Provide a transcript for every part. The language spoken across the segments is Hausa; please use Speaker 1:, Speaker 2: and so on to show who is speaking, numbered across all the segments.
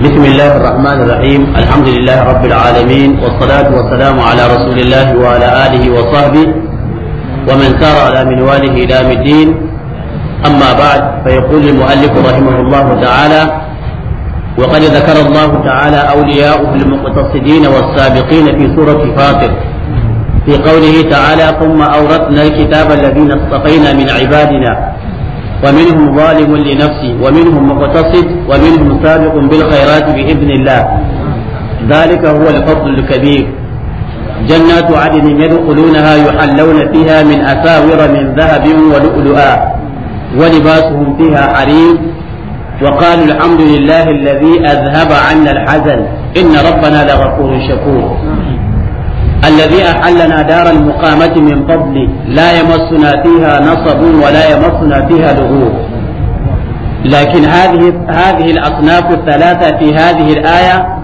Speaker 1: بسم الله الرحمن الرحيم الحمد لله رب العالمين والصلاة والسلام على رسول الله وعلى آله وصحبه ومن سار على منواله إلى الدين أما بعد فيقول المؤلف رحمه الله تعالى وقد ذكر الله تعالى أولياءه المقتصدين والسابقين في سورة فاطر في قوله تعالى ثم أورثنا الكتاب الذين اصطفينا من عبادنا ومنهم ظالم لنفسه ومنهم مقتصد ومنهم سابق بالخيرات بإذن الله ذلك هو الفضل الكبير جنات عدن يدخلونها يحلون فيها من أساور من ذهب ولؤلؤا ولباسهم فيها حرير وقالوا الحمد لله الذي أذهب عنا الحزن إن ربنا لغفور شكور الذي أحلنا دار المقامة من فضله لا يمسنا فيها نصب ولا يمسنا فيها لغوب لكن هذه هذه الأصناف الثلاثة في هذه الآية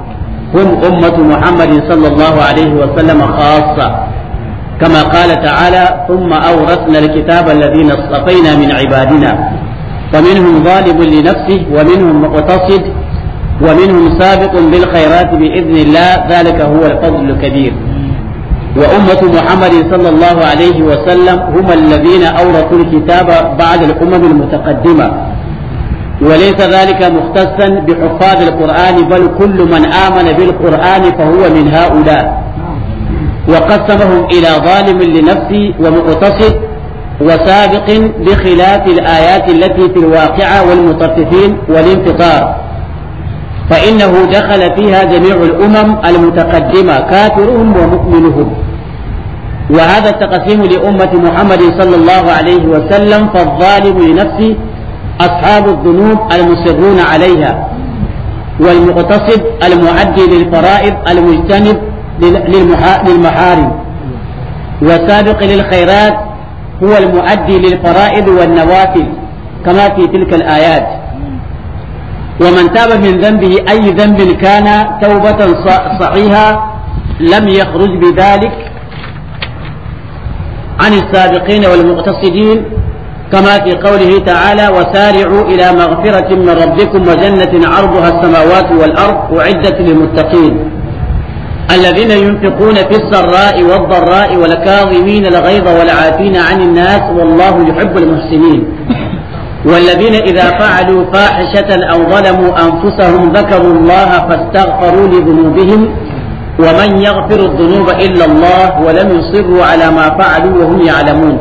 Speaker 1: هم أمة محمد صلى الله عليه وسلم خاصة كما قال تعالى ثم أورثنا الكتاب الذين اصطفينا من عبادنا فمنهم ظالم لنفسه ومنهم مقتصد ومنهم سابق بالخيرات بإذن الله ذلك هو الفضل الكبير وأمة محمد صلى الله عليه وسلم هم الذين أورثوا الكتاب بعد الأمم المتقدمة وليس ذلك مختصا بحفاظ القرآن بل كل من آمن بالقرآن فهو من هؤلاء وقسمهم إلى ظالم لنفسه ومقتصد وسابق بخلاف الآيات التي في الواقعة والمطففين والانفطار فإنه دخل فيها جميع الأمم المتقدمة كافرهم ومؤمنهم وهذا التقسيم لأمة محمد صلى الله عليه وسلم فالظالم لنفسه أصحاب الذنوب المصرون عليها والمقتصد المعدي للفرائض المجتنب للمحارم والسابق للخيرات هو المؤدي للفرائض والنوافل كما في تلك الآيات ومن تاب من ذنبه أي ذنب كان توبة صحيحة لم يخرج بذلك عن السابقين والمقتصدين كما في قوله تعالى وسارعوا إلى مغفرة من ربكم وجنة عرضها السماوات والأرض أعدت للمتقين الذين ينفقون في السراء والضراء والكاظمين الغيظ والعافين عن الناس والله يحب المحسنين والذين إذا فعلوا فاحشة أو ظلموا أنفسهم ذكروا الله فاستغفروا لذنوبهم ومن يغفر الذنوب إلا الله ولم يصروا على ما فعلوا وهم يعلمون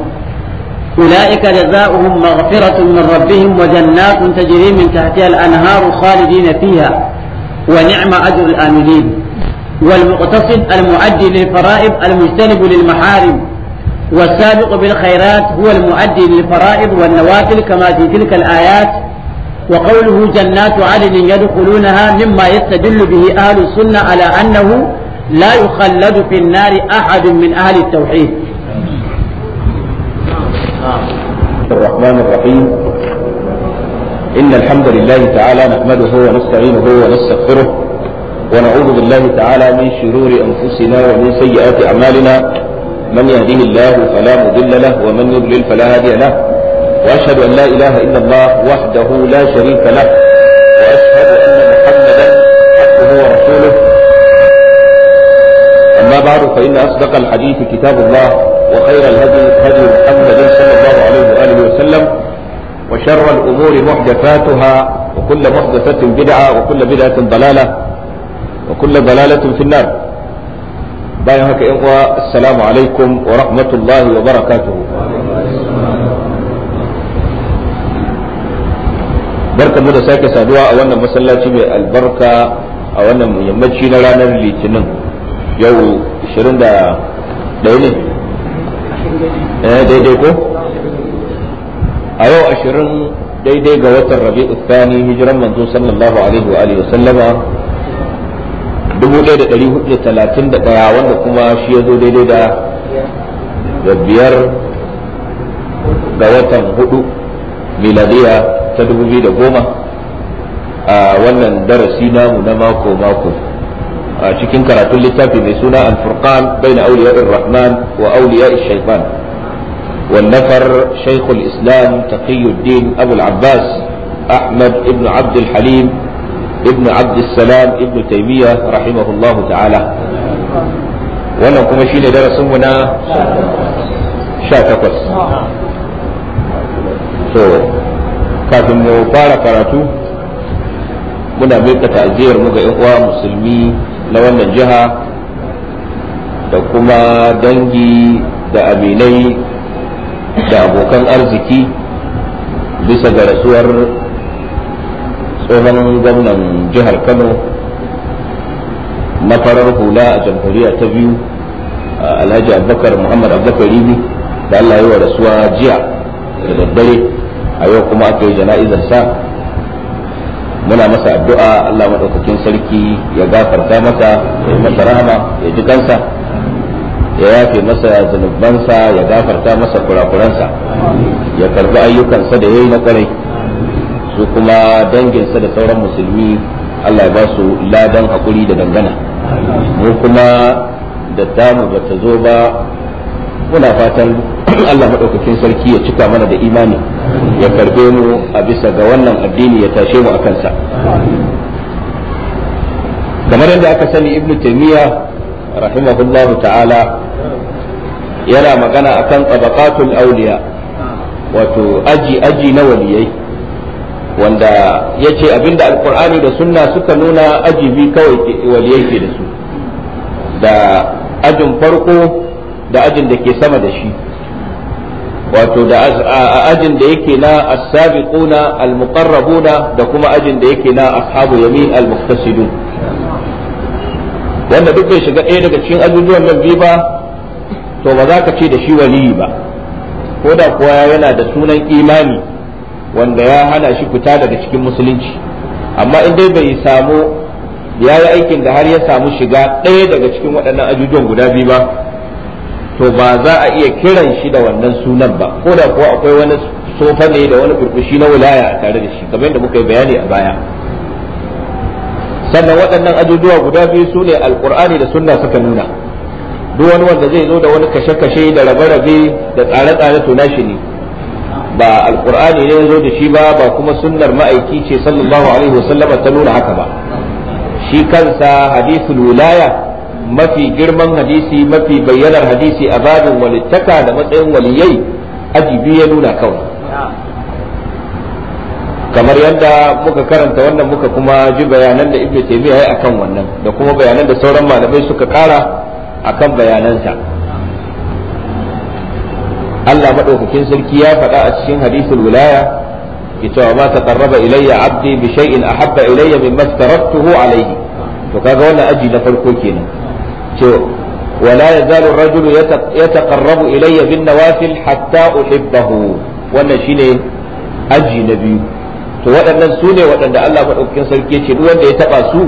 Speaker 1: أولئك جزاؤهم مغفرة من ربهم وجنات تجري من تحتها الأنهار خالدين فيها ونعم أجر الآمنين والمقتصد المؤدي للفرائض المجتنب للمحارم والسابق بالخيرات هو المؤدي للفرائض والنوافل كما في تلك الآيات وقوله جنات عدن يدخلونها مما يستدل به أهل السنة على أنه لا يخلد في النار أحد من أهل التوحيد الرحمن
Speaker 2: الرحيم إن الحمد لله تعالى نحمده ونستعينه ونستغفره ونعوذ بالله تعالى من شرور أنفسنا ومن سيئات أعمالنا من يهده الله فلا مضل له ومن يضلل فلا هادي له وأشهد أن لا إله إلا الله وحده لا شريك له فإن أصدق الحديث كتاب الله وخير الهدي هدي محمد صلى الله عليه وآله وسلم وشر الأمور محدثاتها وكل محدثة بدعة وكل بدعة ضلالة وكل ضلالة في النار بايا هكا إخوة السلام عليكم ورحمة الله وبركاته barka mu da sake saduwa a wannan masallaci mai albarka a wannan yammaci na ranar litinin yau ashirin da ɗaya ne
Speaker 3: eh daidai ko
Speaker 2: a yau ashirin daidai ga watan rabi'u tsani hijiran manzo sallallahu alaihi wa alihi sallama dubu ɗaya da ɗari hudu da talatin da ɗaya wanda kuma shi ya zo daidai
Speaker 3: da
Speaker 2: biyar ga watan hudu miladiya ta dubu biyu da goma a wannan darasi namu na mako mako a cikin karatun littafi mai suna al-furqan bayna awliya'ir rahman wa awliya'ish shaytan wal nafar shaykh al-islam taqiyuddin abu al-abbas ahmad ibn abd al-halim ibn abd salam ibn taymiyyah rahimahullahu ta'ala
Speaker 3: wannan kuma shine darasin mu
Speaker 2: na 18 so kafin mu fara karatu muna mai ta'aziyar mu ga yan uwa musulmi na wannan jiha da kuma dangi da aminai da abokan arziki bisa ga rasuwar tsohon gwamnan jihar kano na farar hula a jamhuriya ta biyu alhaji abubakar muhammad abubakar ribi da allah yi wa rasuwa jiya da daddare a yau kuma aka yi jana'izar sa muna masa addu'a Allah madaukakin sarki ya gafarta masa ya masa rahama ya ji kansa ya yafe masa zunubansa ya gafarta masa kurakuransa ya karbi ayyukansa da yayi na kare su kuma danginsa da sauran musulmi Allah ya ba su ladan hakuri da dangana mu kuma da tamu ta zo ba muna fatan Allah madaukakin sarki ya cika mana da imani ya karbe mu a bisa ga wannan addini ya tashe mu a kansa kamar yadda aka sani ibn taymiya rahimahullahu ta'ala yana magana akan tabaqatul awliya wato aji aji na waliyai wanda yace abinda alkur'ani da sunna suka nuna aji bi kawai waliyai ke da su da ajin farko da ajin da ke sama da shi wato da ajin da yake na as-sabiquna al-muqarrabuna da kuma ajin da yake na ashabu yamin al-muqtasidun wanda duk bai shiga ɗaya daga cikin ajujuwan nan biyu ba to ba za ka ce da shi waliyi ba ko da kuwa yana da sunan imani wanda ya hana shi fita daga cikin musulunci amma in dai bai samu ya yi aikin da har ya samu shiga ɗaya daga cikin waɗannan ajujuwan guda biyu ba to ba za a iya kiran shi da wannan sunan ba ko da kuwa akwai wani sofa ne da wani burbushi na wilaya a tare da shi kamar yadda muka yi bayani a baya sannan waɗannan ajujuwa guda biyu su ne alkur'ani da sunna suka nuna duk wani wanda zai zo da wani kashe-kashe da rabe-rabe da tsare-tsare to nashi ne ba alkur'ani ne zo da shi ba ba kuma sunnar ma'aiki ce sallallahu alaihi wasallam ta nuna haka ba shi kansa hadithul wilaya mafi girman hadisi mafi bayyanar hadisi a babin walittaka da matsayin waliyai biyu ya nuna kawai kamar yadda muka karanta wannan muka kuma ji bayanan da ibnu taymiya yayi akan wannan da kuma bayanan da sauran malamai suka kara akan bayanansa Allah madaukakin sarki ya faɗa a cikin hadisul wilaya cewa ma taqarraba ilayya abdi bi shay'in ahabba ilayya mimma taraktuhu alayhi to kaga wannan aji na farko kenan to wala yazalu rajulu yataqarrabu ilayya bin nawafil hatta uhibbahu wannan shine to waɗannan su ne waɗanda Allah madaukakin sarki ya ce duk wanda ya taɓa su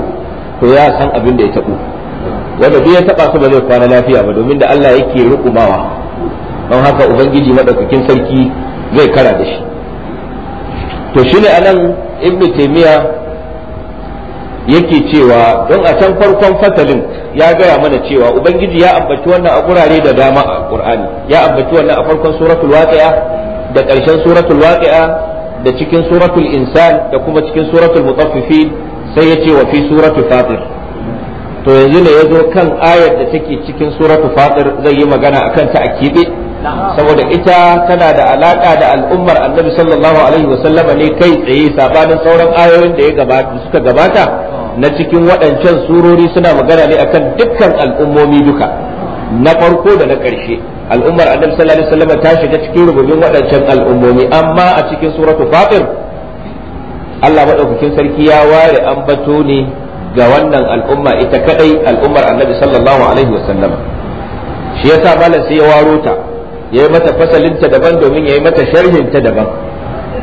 Speaker 2: to ya san abin da ya taɓu wanda duk ya taɓa su ba zai kwana lafiya ba domin da Allah yake rukumawa don haka ubangiji madaukakin sarki zai kara da shi to shi ne anan ibnu taymiya yake cewa don a can farkon fatalin. ya gaya mana cewa ubangiji ya ambaci wannan a gurare da dama a qur'ani ya ambaci wannan a farkon suratul waqi'a da ƙarshen suratul waqi'a da cikin suratul insan da kuma cikin suratul mutaffifin sai ya ce wa fi suratul fatir to yanzu ne ya zo kan ayar da take cikin suratul fatir zai yi magana akan ta a kibe saboda ita tana da alaka da al'ummar annabi sallallahu alaihi wasallama ne kai tsaye sabanin sauran ayoyin da ya gabata suka gabata na cikin waɗancan surori suna magana ne akan dukkan al'ummomi duka na farko da na ƙarshe al'ummar annabi sallallahu alaihi ta shiga cikin rububin waɗancan al'ummomi amma a cikin suratu fatir Allah madaukakin sarki ya ware ambato ne ga wannan al'umma ita kadai al'ummar annabi sallallahu alaihi wasallam shi yasa malam sai ya waro ta yayi mata fasalinta daban domin yayi mata sharhin ta daban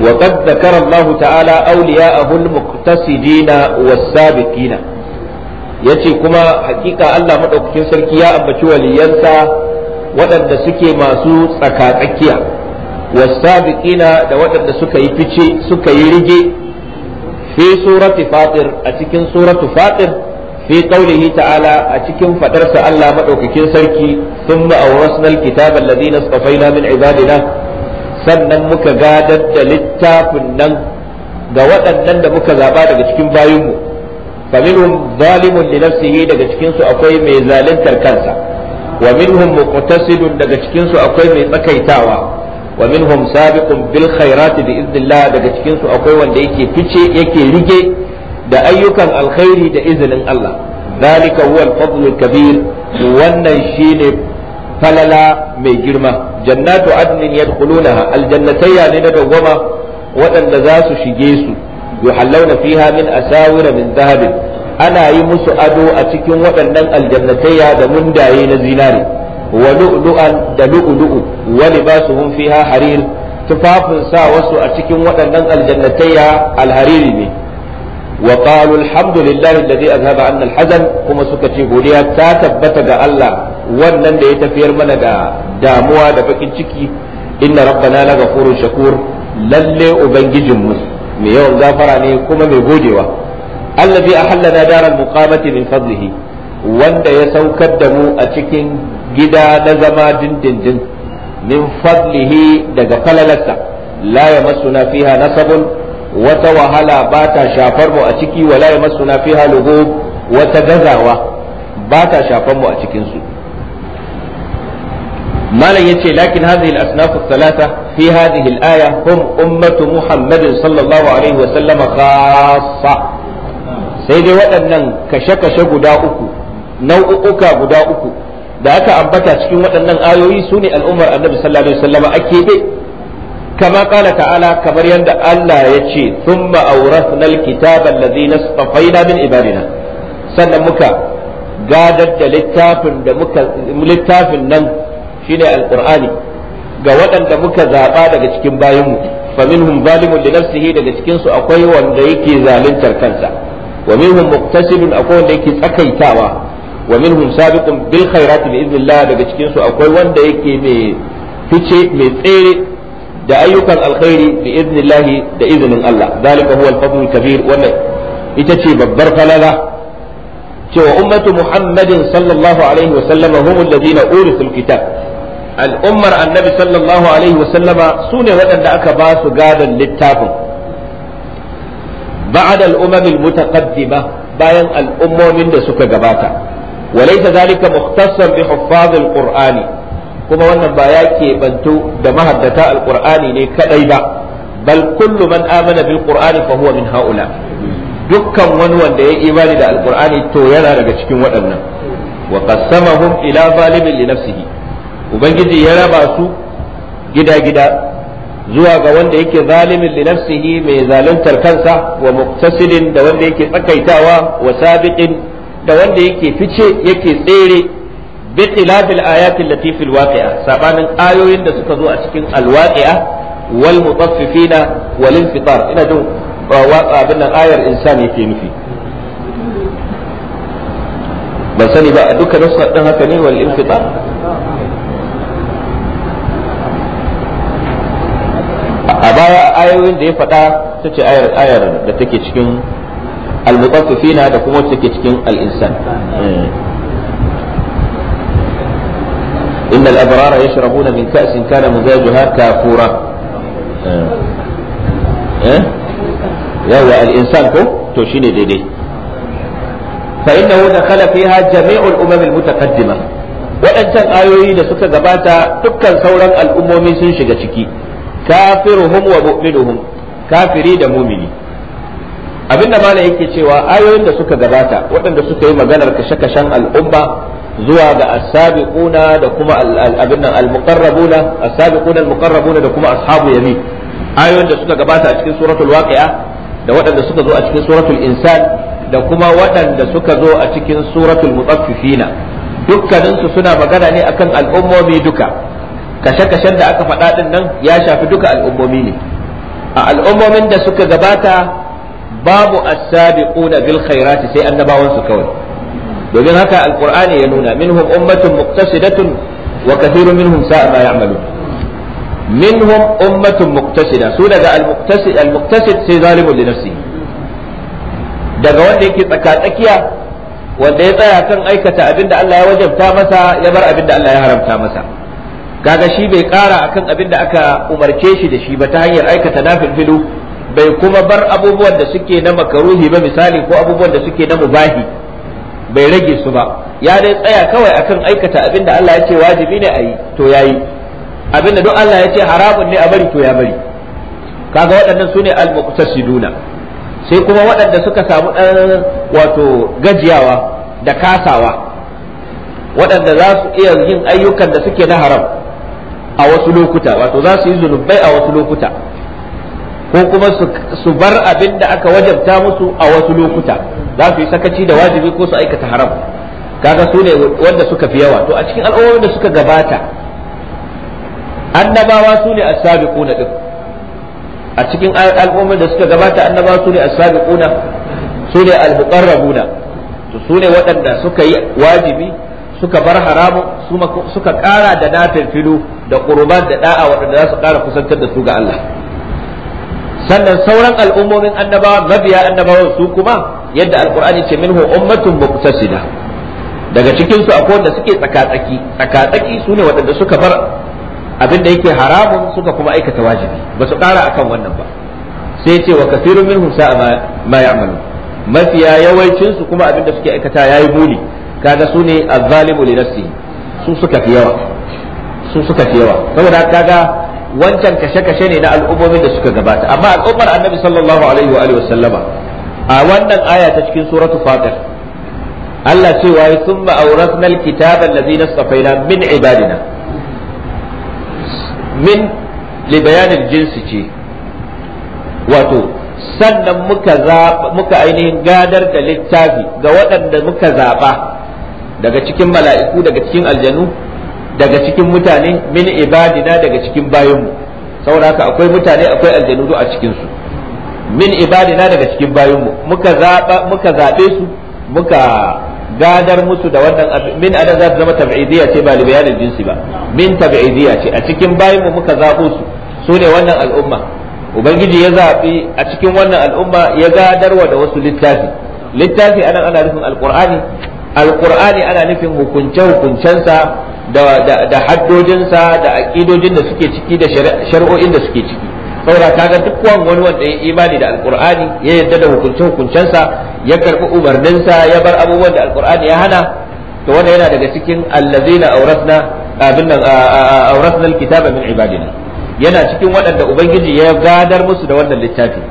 Speaker 2: وقد ذكر الله تعالى أولياءه المقتصدين والسابقين yace kuma hakika Allah madaukakin sarki ya ambaci waliyansa waɗanda suke masu tsakatsakiya wasabiqina da waɗanda suka yi fice suka yi rige fi surati fatir a cikin suratu fatir fi qaulihi ta'ala a cikin fadarsa Allah madaukakin sarki thumma awrasna alkitaba alladhina istafayna min ibadina sannan muka gadar da littafin nan ga waɗannan da muka zaba daga cikin bayinmu faminhum zalimun li nafsihi daga cikin su akwai mai zaluntar kansa wa minhum muqtasidun daga cikin su akwai mai tsakaitawa wa minhum sabiqun bil khairati bi idnillah daga cikin su akwai wanda yake fice yake rige da ayyukan alkhairi da izinin Allah zalika huwa al al-kabir wannan shine falala mai girma jannatu adinin adnin yadkhulunaha aljannatayya ne na gwama waɗanda za su shige su yuhallawna fiha min asawira min zahabin ana yi musu ado a cikin waɗannan aljannatayya da mundaye na zinari wa lu'lu'an da lu'lu'u wa libasuhum fiha harir tufafin sa wasu a cikin waɗannan aljannatayya alhariri ne wa qalu alhamdulillahi alladhi azhaba anna alhazan kuma suka ce godiya ta tabbata ga Allah wannan da ya tafiyar mana da damuwa da bakin ciki inna rabbana la ghafurun shakur lalle mu mai yawan gafara ne kuma mai godewa allazi ahallana daral muqamati min fadlihi wanda ya saukar da mu a cikin gida na zama dindindin min fadlihi daga falalarsa la yamassuna fiha nasabun wata wahala ba ta shafar mu a ciki wala yamassuna fiha lughub wata gazawa ba ta shafar mu a cikin su. malam ya ce lakin hadhihi al-asnaf ath-thalatha fi hadhihi al-aya hum ummatu muhammad sallallahu alaihi sai dai waɗannan kashe-kashe guda uku nau'uka guda uku da aka ambata cikin waɗannan ayoyi su ne al'ummar annabi sallallahu a keɓe kama ƙala ta'ala kamar yadda Allah ya ce sun thumma awrathna alkitaba allazi nastafaina min ibadina sannan muka gadar da littafin littafin nan shine alqur'ani ga waɗanda muka zaɓa daga cikin bayanmu faminhum zalimun li nafsihi daga cikin su akwai wanda yake zaluntar kansa wa minhum muqtasidun akwai wanda yake tsakaitawa wa minhum sabiqun bil khairati bi idnillah daga cikin su akwai wanda yake mai fice mai tsere da ayyukan alkhairi bi idnillah da izinin Allah zalika huwa al-fadl kabir wannan ita ce babbar falala cewa ummatu muhammadin sallallahu alaihi wa sallama hum alladhina urisul kitab al'ummar annabi sallallahu alaihi wasallama su ne waɗanda aka ba su gadon littafin ba'ad al'umamil mutaqaddima bayan al'ummomin da suka gabata walaysa zalika mukhtassan bi huffazil qur'ani kuma wannan ba ya bantu da mahaddata al'ur'ani ne kadai ba bal kullu man amana bil qur'ani fa huwa min haula dukkan wani wanda ya imani da al'ur'ani to yana daga cikin waɗannan wa qassamahum ila zalimin li nafsihi ubangiji ya raba su gida-gida zuwa ga wanda yake zalimin li mai zaluntar kansa wa muqtasidin da wanda yake tsakaitawa wa sabiqin da wanda yake fice yake tsere bi ayatin ayati waqi'a sabanin ayoyin da suka zo a cikin alwaqi'a wal mutaffifina wal infitar ina jin abin nan ayar insan yake nufi ba sani ba a duka nasu ɗin haka ne wal infitar ayoyin da ya faɗa ta ce ayar ayar da take cikin al-mutaffifina da kuma wacce take cikin al-insan إن الأبرار يشربون من كأس كان مزاجها كافورا يا الإنسان كو توشيني ديدي فإنه دخل فيها جميع الأمم المتقدمة waɗancan ayoyin da suka gabata dukkan sauran al'ummomi sun shiga ciki kafiruhum wa mu'minuhum kafiri da mumini abinda malam yake cewa ayoyin da suka gabata waɗanda suka yi maganar kashe-kashen al'umma zuwa ga asabiquna da kuma abin nan al-muqarrabuna al-muqarrabuna da kuma ashabu yamin ayoyin da suka gabata a cikin suratul waqi'a suka zo a cikin suratul insan da kuma waɗanda suka zo a cikin suratul mutaffifina dukkaninsu suna magana ne akan al'ummomi duka kashe-kashen da aka faɗa ɗin nan ya shafi duka al'ummomi ne a al'ummomin da suka gabata babu as na bil khairati sai annabawan su kawai domin haka alqur'ani ya nuna minhum ummatun muqtasidatun wa kathirun minhum sa'a ma ya'malun minhum ummatun muqtasida su daga al-muqtasid al-muqtasid sai zalimun li nafsihi daga wanda yake tsaka tsakiya wanda ya tsaya kan aikata abin da Allah ya wajabta masa ya bar abin da Allah ya haramta masa kaga shi bai kara akan abin da aka umarce shi da shi ba ta hanyar aikata filu bai kuma bar abubuwan da suke na makaruhi ba misali ko abubuwan da suke na mubahi bai rage su ba ya dai tsaya kawai akan aikata abin da Allah ya ce wajibi ne a yi to yayi abin da duk Allah ya ce haramun ne a bari to ya bari kaga waɗannan su ne al-muqtasiduna sai kuma waɗanda suka samu ɗan wato gajiyawa da kasawa waɗanda za su iya yin ayyukan da suke na haram a wasu lokuta wato za su yi zunubai a wasu lokuta ko kuma su bar abin da aka wajabta musu a wasu lokuta za su yi sakaci da wajibi ko su aikata haram kaga su ne wanda suka fi yawa to a cikin al'ummomin da suka gabata annabawa su ne as-sabiquna din a cikin al'ummomin da suka gabata annabawa su ne as-sabiquna su ne al-muqarrabuna to su ne waɗanda suka yi wajibi suka bar haramu suka kara da nafin filu da ƙurban da da'a waɗanda za su kara kusantar da su ga Allah sannan sauran al'ummomin annabawa mabiya annabawan su kuma yadda alƙur'ani ce minhu ummatun muqtasida daga cikin su akwai wanda suke tsakatsaki tsakatsaki su ne waɗanda suka bar abin da yake haramun suka kuma aikata wajibi ba su ƙara akan wannan ba sai ce wa kasirun minhum sa'a ma ya'malu mafiya yawancin su kuma abin da suke aikata yayi muni kaga su ne azzalimu li nafsihi su suka fi yawa su suka fi yawa saboda kaga wancan kashe-kashe ne na al'ummomin da suka gabata amma al'ummar annabi sallallahu alaihi wa alihi wasallama a wannan aya ta cikin suratu fatir Allah cewa ya thumma da alkitaba allazi nastafaina min ibadina min li bayanin jinsi ce wato sannan muka ainihin gadar da littafi ga waɗanda muka zaɓa daga cikin mala'iku daga cikin aljanu daga cikin mutane min ibadina daga cikin bayanmu saboda haka akwai mutane akwai aljanu a cikinsu su min ibadina daga cikin bayanmu muka zaba muka su muka gadar musu da wannan min adan za ta zama tab'idiyya ce ba libayanin jinsi ba min tab'idiyya ce a cikin bayanmu muka zabo su su ne wannan al'umma ubangiji ya zaɓi a cikin wannan al'umma ya gadarwa da wasu littafi littafi anan ana nufin alqur'ani alqur'ani ana nufin hukunce hukuncensa da haddojinsa da aƙidojin da suke ciki da shari'o'in da suke ciki saboda kaga duk wani wanda ya imani da alqur'ani ya yarda da hukunce hukuncensa ya karbi umarninsa ya bar abubuwan da alqur'ani ya hana to wanda yana daga cikin allazina awrasna abin nan awrasna alkitaba min ibadina yana cikin waɗanda ubangiji ya gadar musu da wannan littafi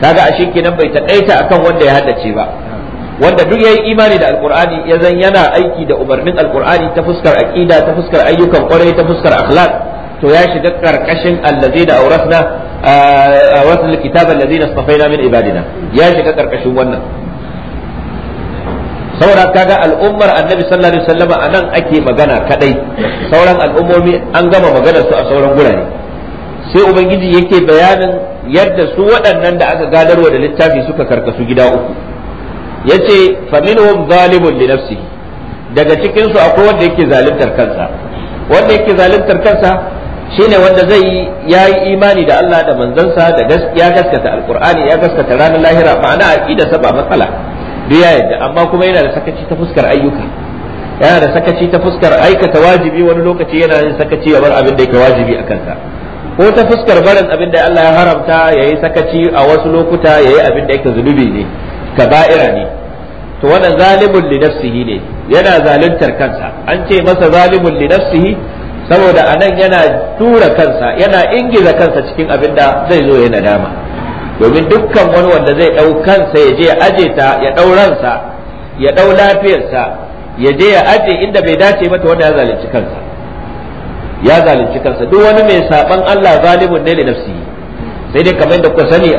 Speaker 2: kaga ashe kenan bai takaita akan wanda ya haddace ba wanda duk yayi imani da alqur'ani ya zan yana aiki da umarnin alqur'ani ta fuskar aqida ta fuskar ayyukan kwarai ta fuskar akhlaq to ya shiga karkashin allazina awrasna awrasna alkitaba allazina istafaina min ibadina ya shiga karkashin wannan saboda kaga al'ummar annabi sallallahu alaihi wasallam nan ake magana kadai sauran al'ummomi an gama magana su a sauran gurare sai ubangiji yake bayanin yadda su waɗannan da aka gadarwa da littafi suka karkasu gida uku yace faminhum zalimun li nafsihi daga cikin su akwai wanda yake zaluntar kansa wanda yake zaluntar kansa shine wanda zai yayi imani da Allah da manzansa da gaskiya gaskata alqur'ani ya gaskata ranar lahira ma'ana aqida sa ba matsala duya yadda amma kuma yana da sakaci ta fuskar ayyuka yana da sakaci ta fuskar aikata wajibi wani lokaci yana yin sakaci ya bar abin da yake wajibi a kansa ko ta fuskar barin abin da Allah ya haramta ya yi sakaci a wasu lokuta ya yi abin da yake zunubi ne kaba'ira ne to wannan zalimun li nafsihi ne yana zaluntar kansa an ce masa zalimun li nafsihi saboda anan yana tura kansa yana ingiza kansa cikin abin da zai zo ya dama domin dukkan wani wanda zai ɗau kansa ya je ya aje ta ya ɗau ransa ya ɗau lafiyarsa ya je ya aje inda bai dace ba to wanda ya zalunci kansa ya zalunci kansa duk wani mai saban Allah zalimun ne li nafsihi sai dai kamar da ku sani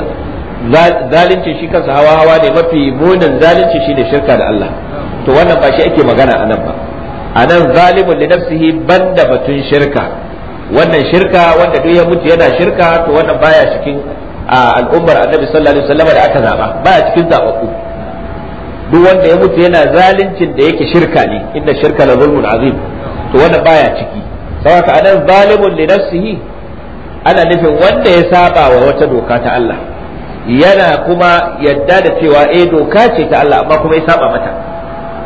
Speaker 2: zalunci shi kansa hawa hawa ne mafi munin zalunci shi ne shirka da Allah to wannan ba shi ake magana a nan ba a nan zalimin li nafsihi banda batun shirka wannan shirka wanda duk ya mutu yana shirka to wannan baya cikin al'ummar annabi sallallahu alaihi wasallam da aka zaba baya cikin zababbu duk wanda ya mutu yana zaluncin da yake shirka ne inda shirka la zulmun azim to wannan baya ciki saboda anan zalimun li nafsihi ana nufin wanda ya saba wa wata doka ta Allah yana kuma yadda da cewa eh doka ce ta Allah amma kuma ya saba mata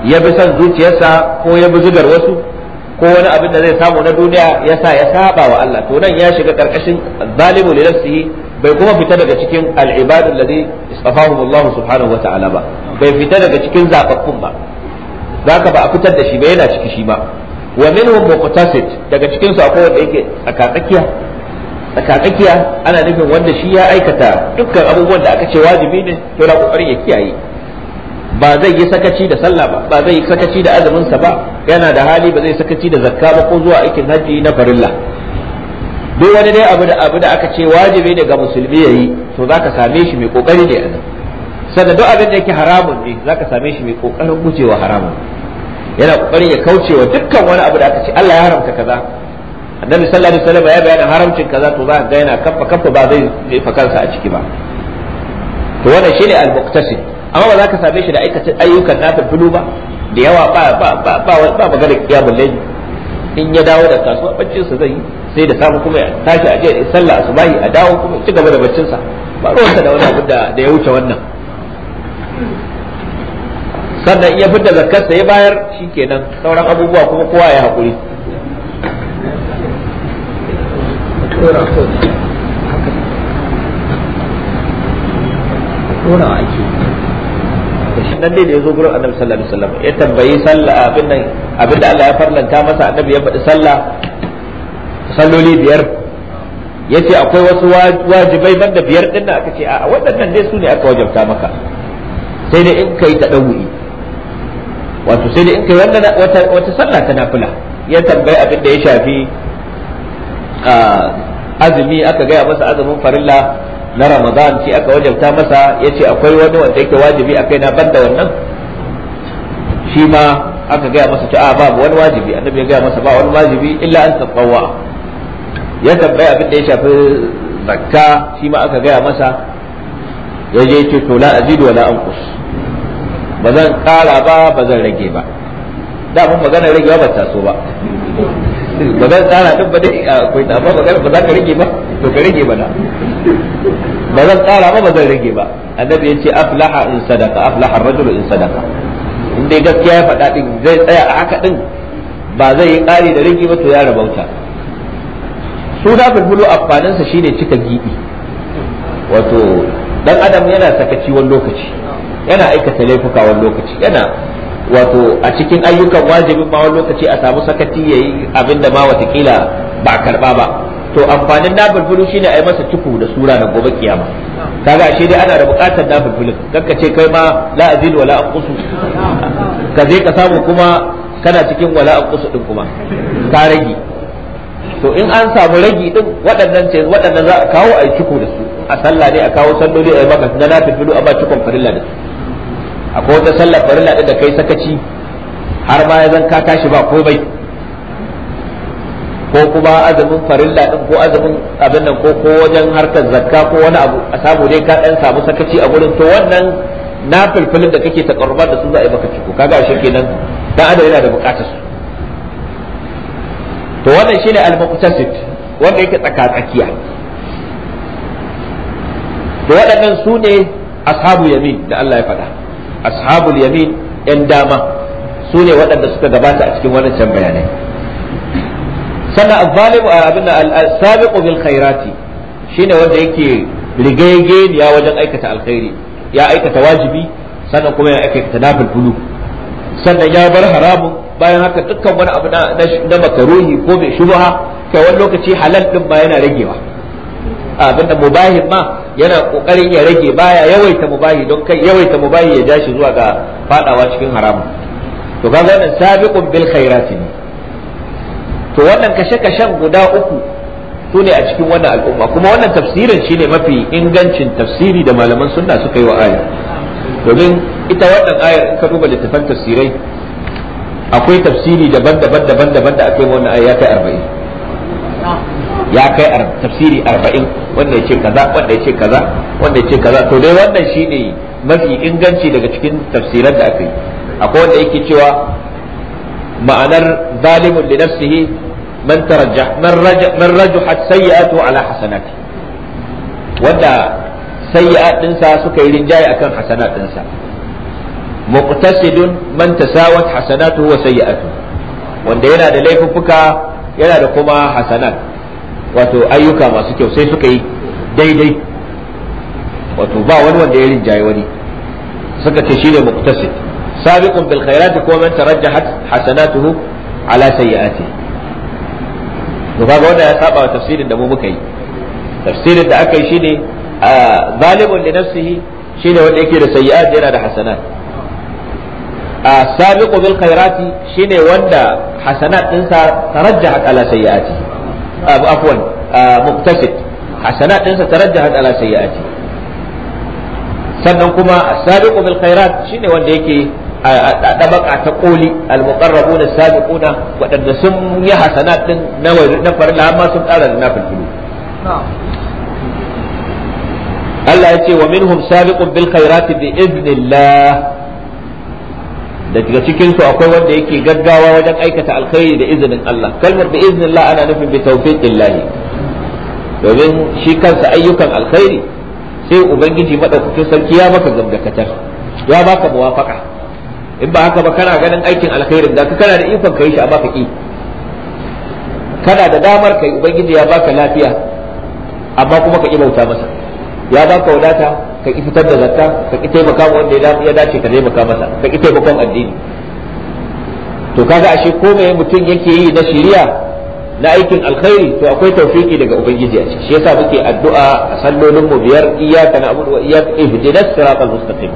Speaker 2: ya bi son zuciyarsa ko ya bi zugar wasu ko wani abin da zai samu na duniya ya sa ya saba wa Allah to nan ya shiga karkashin zalimu li nafsihi bai kuma fita daga cikin al-ibad alladhi istafahu Allah subhanahu wa ta'ala ba bai fita daga cikin zababbun ba zaka ba a fitar da shi ba yana ciki shi ba wa minhum muqtasid daga cikin su akwai wanda yake tsakatsakiya tsakatsakiya ana nufin wanda shi ya aikata dukkan abubuwan da aka ce wajibi ne to na kokarin ya kiyaye ba zai yi sakaci da sallah ba ba zai yi sakaci da azumin sa ba yana da hali ba zai sakaci da zakka ba ko zuwa aikin haji na farilla duk wani dai abu da abu da aka ce wajibi ne ga musulmi yayi to zaka same shi mai kokari ne anan sannan duk abin da yake haramun ne zaka same shi mai kokarin gujewa haramun yana kokarin ya kaucewa dukkan wani abu da aka ce Allah ya haramta kaza annabi sallallahu alaihi wasallam ya bayyana haramcin kaza to za ga yana kaffa kaffa ba zai jefa kansa a ciki ba to wannan shine al-muqtasid amma ba za ka same shi da aikata ayyukan nafil fulu ba da yawa ba ba ba ba ba magana kiyamul layl in ya dawo da kasuwa baccin sa zai sai da samu kuma ya tashi a je sallah asubahi a dawo kuma ci gaba da baccin sa ba ruwansa da wani abu da ya wuce wannan sannan iya fidda zakkar sa ya bayar shikenan sauran abubuwa kuma kowa ya hakuri dora ko haka ake shi nan dai da gurin annabi sallallahu alaihi wasallam ya tambayi sallah abin nan abin da Allah ya farlanta masa annabi ya faɗi sallah salloli biyar yace akwai wasu wajibai banda biyar din aka ce a waɗannan dai su ne aka wajabta maka sai dai in kai ta dawuyi wato sai dai in kai wannan wata sallah ta nafila ya tambayi abin da ya shafi ah, azumi aka gaya masa azumin farilla na ramadan shi aka wajabta masa ya ce akwai wani wanda yake wajibi a kaina banda wannan shi ma aka gaya masa ta babu wani wajibi annabi ya gaya masa ba wani wajibi illa an tabbawa ya tambaya abin da ya shafi zakka shi ma aka gaya masa ya je ce to la azidu wala anqus ba zan kara ba ba zan rage ba da mun magana rage ba ta so ba ba zan tsara din ba dai akwai ta ba ba za ka rage ba to ka rage ba na ba zan tsara ba ba zan rage ba annabi ya ce aflaha in sadaka aflaha rajulu in sadaka in dai gaskiya ya faɗa din zai tsaya a haka din ba zai yi ƙari da rage ba to ya rabauta su da bulbulu amfaninsa shine cika gibi wato dan adam yana sakaci wani lokaci yana aikata laifuka wani lokaci yana wato a cikin ayyukan wajibin ma wani lokaci a samu sakati ya yi abin da ma watakila ba karba ba to amfanin na bulbulu shine a yi masa tuku da sura na gobe kiyama kaga ashe dai ana da bukatar na Kan ka ce kai ma la azil wala aqusu ka je ka samu kuma kana cikin wala aqusu din kuma ka rage to in an samu ragi din waɗannan ce waɗannan za a kawo a yi tuku da su a sallah ne a kawo salloli a yi maka na nafilu a ba cikon farilla da su akwai wata sallar farilla da kai sakaci har ma ya zan ka tashi ba komai ko kuma azumin farilla din ko azumin abin nan ko wajen harkar zakka ko wani abu a samu dai ka dan samu sakaci a gurin to wannan na filfilin da kake takarruba da su za a yi maka ciko kaga shi kenan dan adam yana da buƙatar su to wannan shine al-muqtasid wanda yake tsaka tsakiya to waɗannan su ne ashabu yamin da Allah ya faɗa ashabul yamin yan dama su ne waɗanda suka gabata a cikin can bayanai sannan azzalimu abin as-sabiqu bil khairati shine wanda yake rigayge ya wajen aikata alkhairi ya aikata wajibi sannan kuma ya aikata nafil sannan ya bar haramun bayan haka dukkan wani abu na makaruhi ko mai shubha kai wani lokaci halal din ba yana ragewa abin da mubahin ma yana kokarin ya rage baya yawaita mubahi don kai yawaita mubahi ya ja zuwa ga fadawa cikin haramun to ga wannan sabiqun bil khairati ne to wannan kashe kashen guda uku sune a cikin wannan al'umma kuma wannan tafsirin shine mafi ingancin tafsiri da malaman sunna suka yi wa aya domin ita wannan ayar in ka duba littafan tafsirai akwai tafsiri daban-daban daban-daban da akai wannan aya ta
Speaker 3: 40 ya
Speaker 2: kai tafsiri arba'in wanda ya ce kaza wanda ya ce kaza wanda ya ce kaza to dai wannan shine mafi inganci daga cikin tafsiran da aka yi akwai wanda yake cewa ma'anar zalimun li nafsihi man tarajjah man raja man rajuhat ala hasanati wanda sayyi'at ɗinsa suka yi rinjaye akan hasanat dinsa muqtasidun man tasawat hasanatuhu wa sayyi'atuhu wanda yana da laifuffuka yana da kuma hasanat wato ayyuka masu kyau sai suka yi daidai wato ba wani wanda ya rinjaye wani suka ce shi ne muktasid sabiqun bil khairati ko man tarajjahat hasanatuhu ala sayyi'ati to kaga wannan ya saba wa tafsirin da mu muka yi tafsirin da aka yi shine zalimun li nafsihi shine wanda yake da sayyi'at yana da hasanat a sabiqu bil khairati shine wanda hasanat dinsa tarajjahat ala sayyi'ati abu afwan muktasid hasanat ɗinsa tarajjahat ala sayyi'ati sannan kuma sabiqu bil khairat shine wanda yake a ɗabaka ta koli al-muqarrabun as-sabiquna waɗanda sun yi hasanat din na na farilla amma sun ƙara da nafil Allah ya ce wa minhum sabiqun bil khairat bi idnillah daga cikin akwai wanda yake gaggawa wajen aikata alkhairi da izinin Allah kalmar bi iznillah ana nufin bi tawfiqillahi domin shi kansa ayyukan alkhairi sai ubangiji madaukakin sarki ya maka gamdakatar ya baka muwafaka in ba haka ba kana ganin aikin alkhairin da kana da ikon kai shi a baka ki kana da damar kai ubangiji ya baka lafiya amma kuma ka ki bauta masa ya baka wadata ka ki fitar da zakka ka ki taimaka wa wanda ya dace ka taimaka masa ka ki taimakon addini to kaga ashe ko me mutum yake yi na shiriya na aikin alkhairi to akwai tawfiki daga ubangiji a ciki shi yasa muke addu'a a sallolin mu biyar iyyaka na'budu wa iyyaka ihdinas siratal mustaqim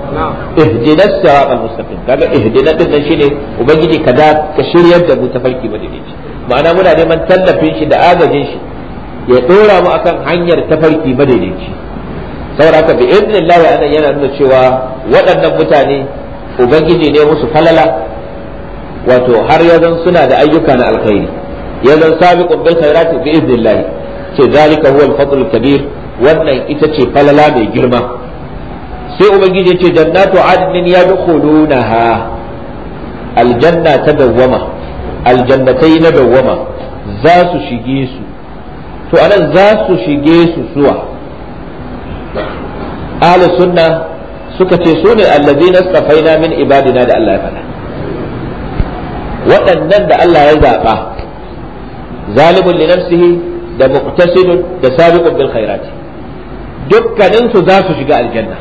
Speaker 2: ihdinas siratal mustaqim kaga ihdinas din nan shine ubangiji ka da ka shiryar da mu farki madaidaici ma'ana muna neman tallafin shi da agajin shi ya dora mu akan hanyar tafarki madaidaici saboda haka bi idnillahi anan yana nuna cewa waɗannan mutane ubangiji ne musu falala wato har yanzu suna da ayyuka na alkhairi ya zan sabiqun bil khairati bi idnillahi ce zalika huwa al kabir wannan ita ce falala mai girma sai ubangiji ya ce jannatu adnin yadkhulunaha aljanna ta dawwama aljannatai na dawwama za su shige su to anan za su shige su zuwa ahlus sunna suka ce su ne allazina safaina min ibadina da Allah ya faɗa waɗannan da Allah ya zaɓa zalimun li nafsihi da muqtasidun da sabiqun bil khairat dukkanin su za su shiga aljanna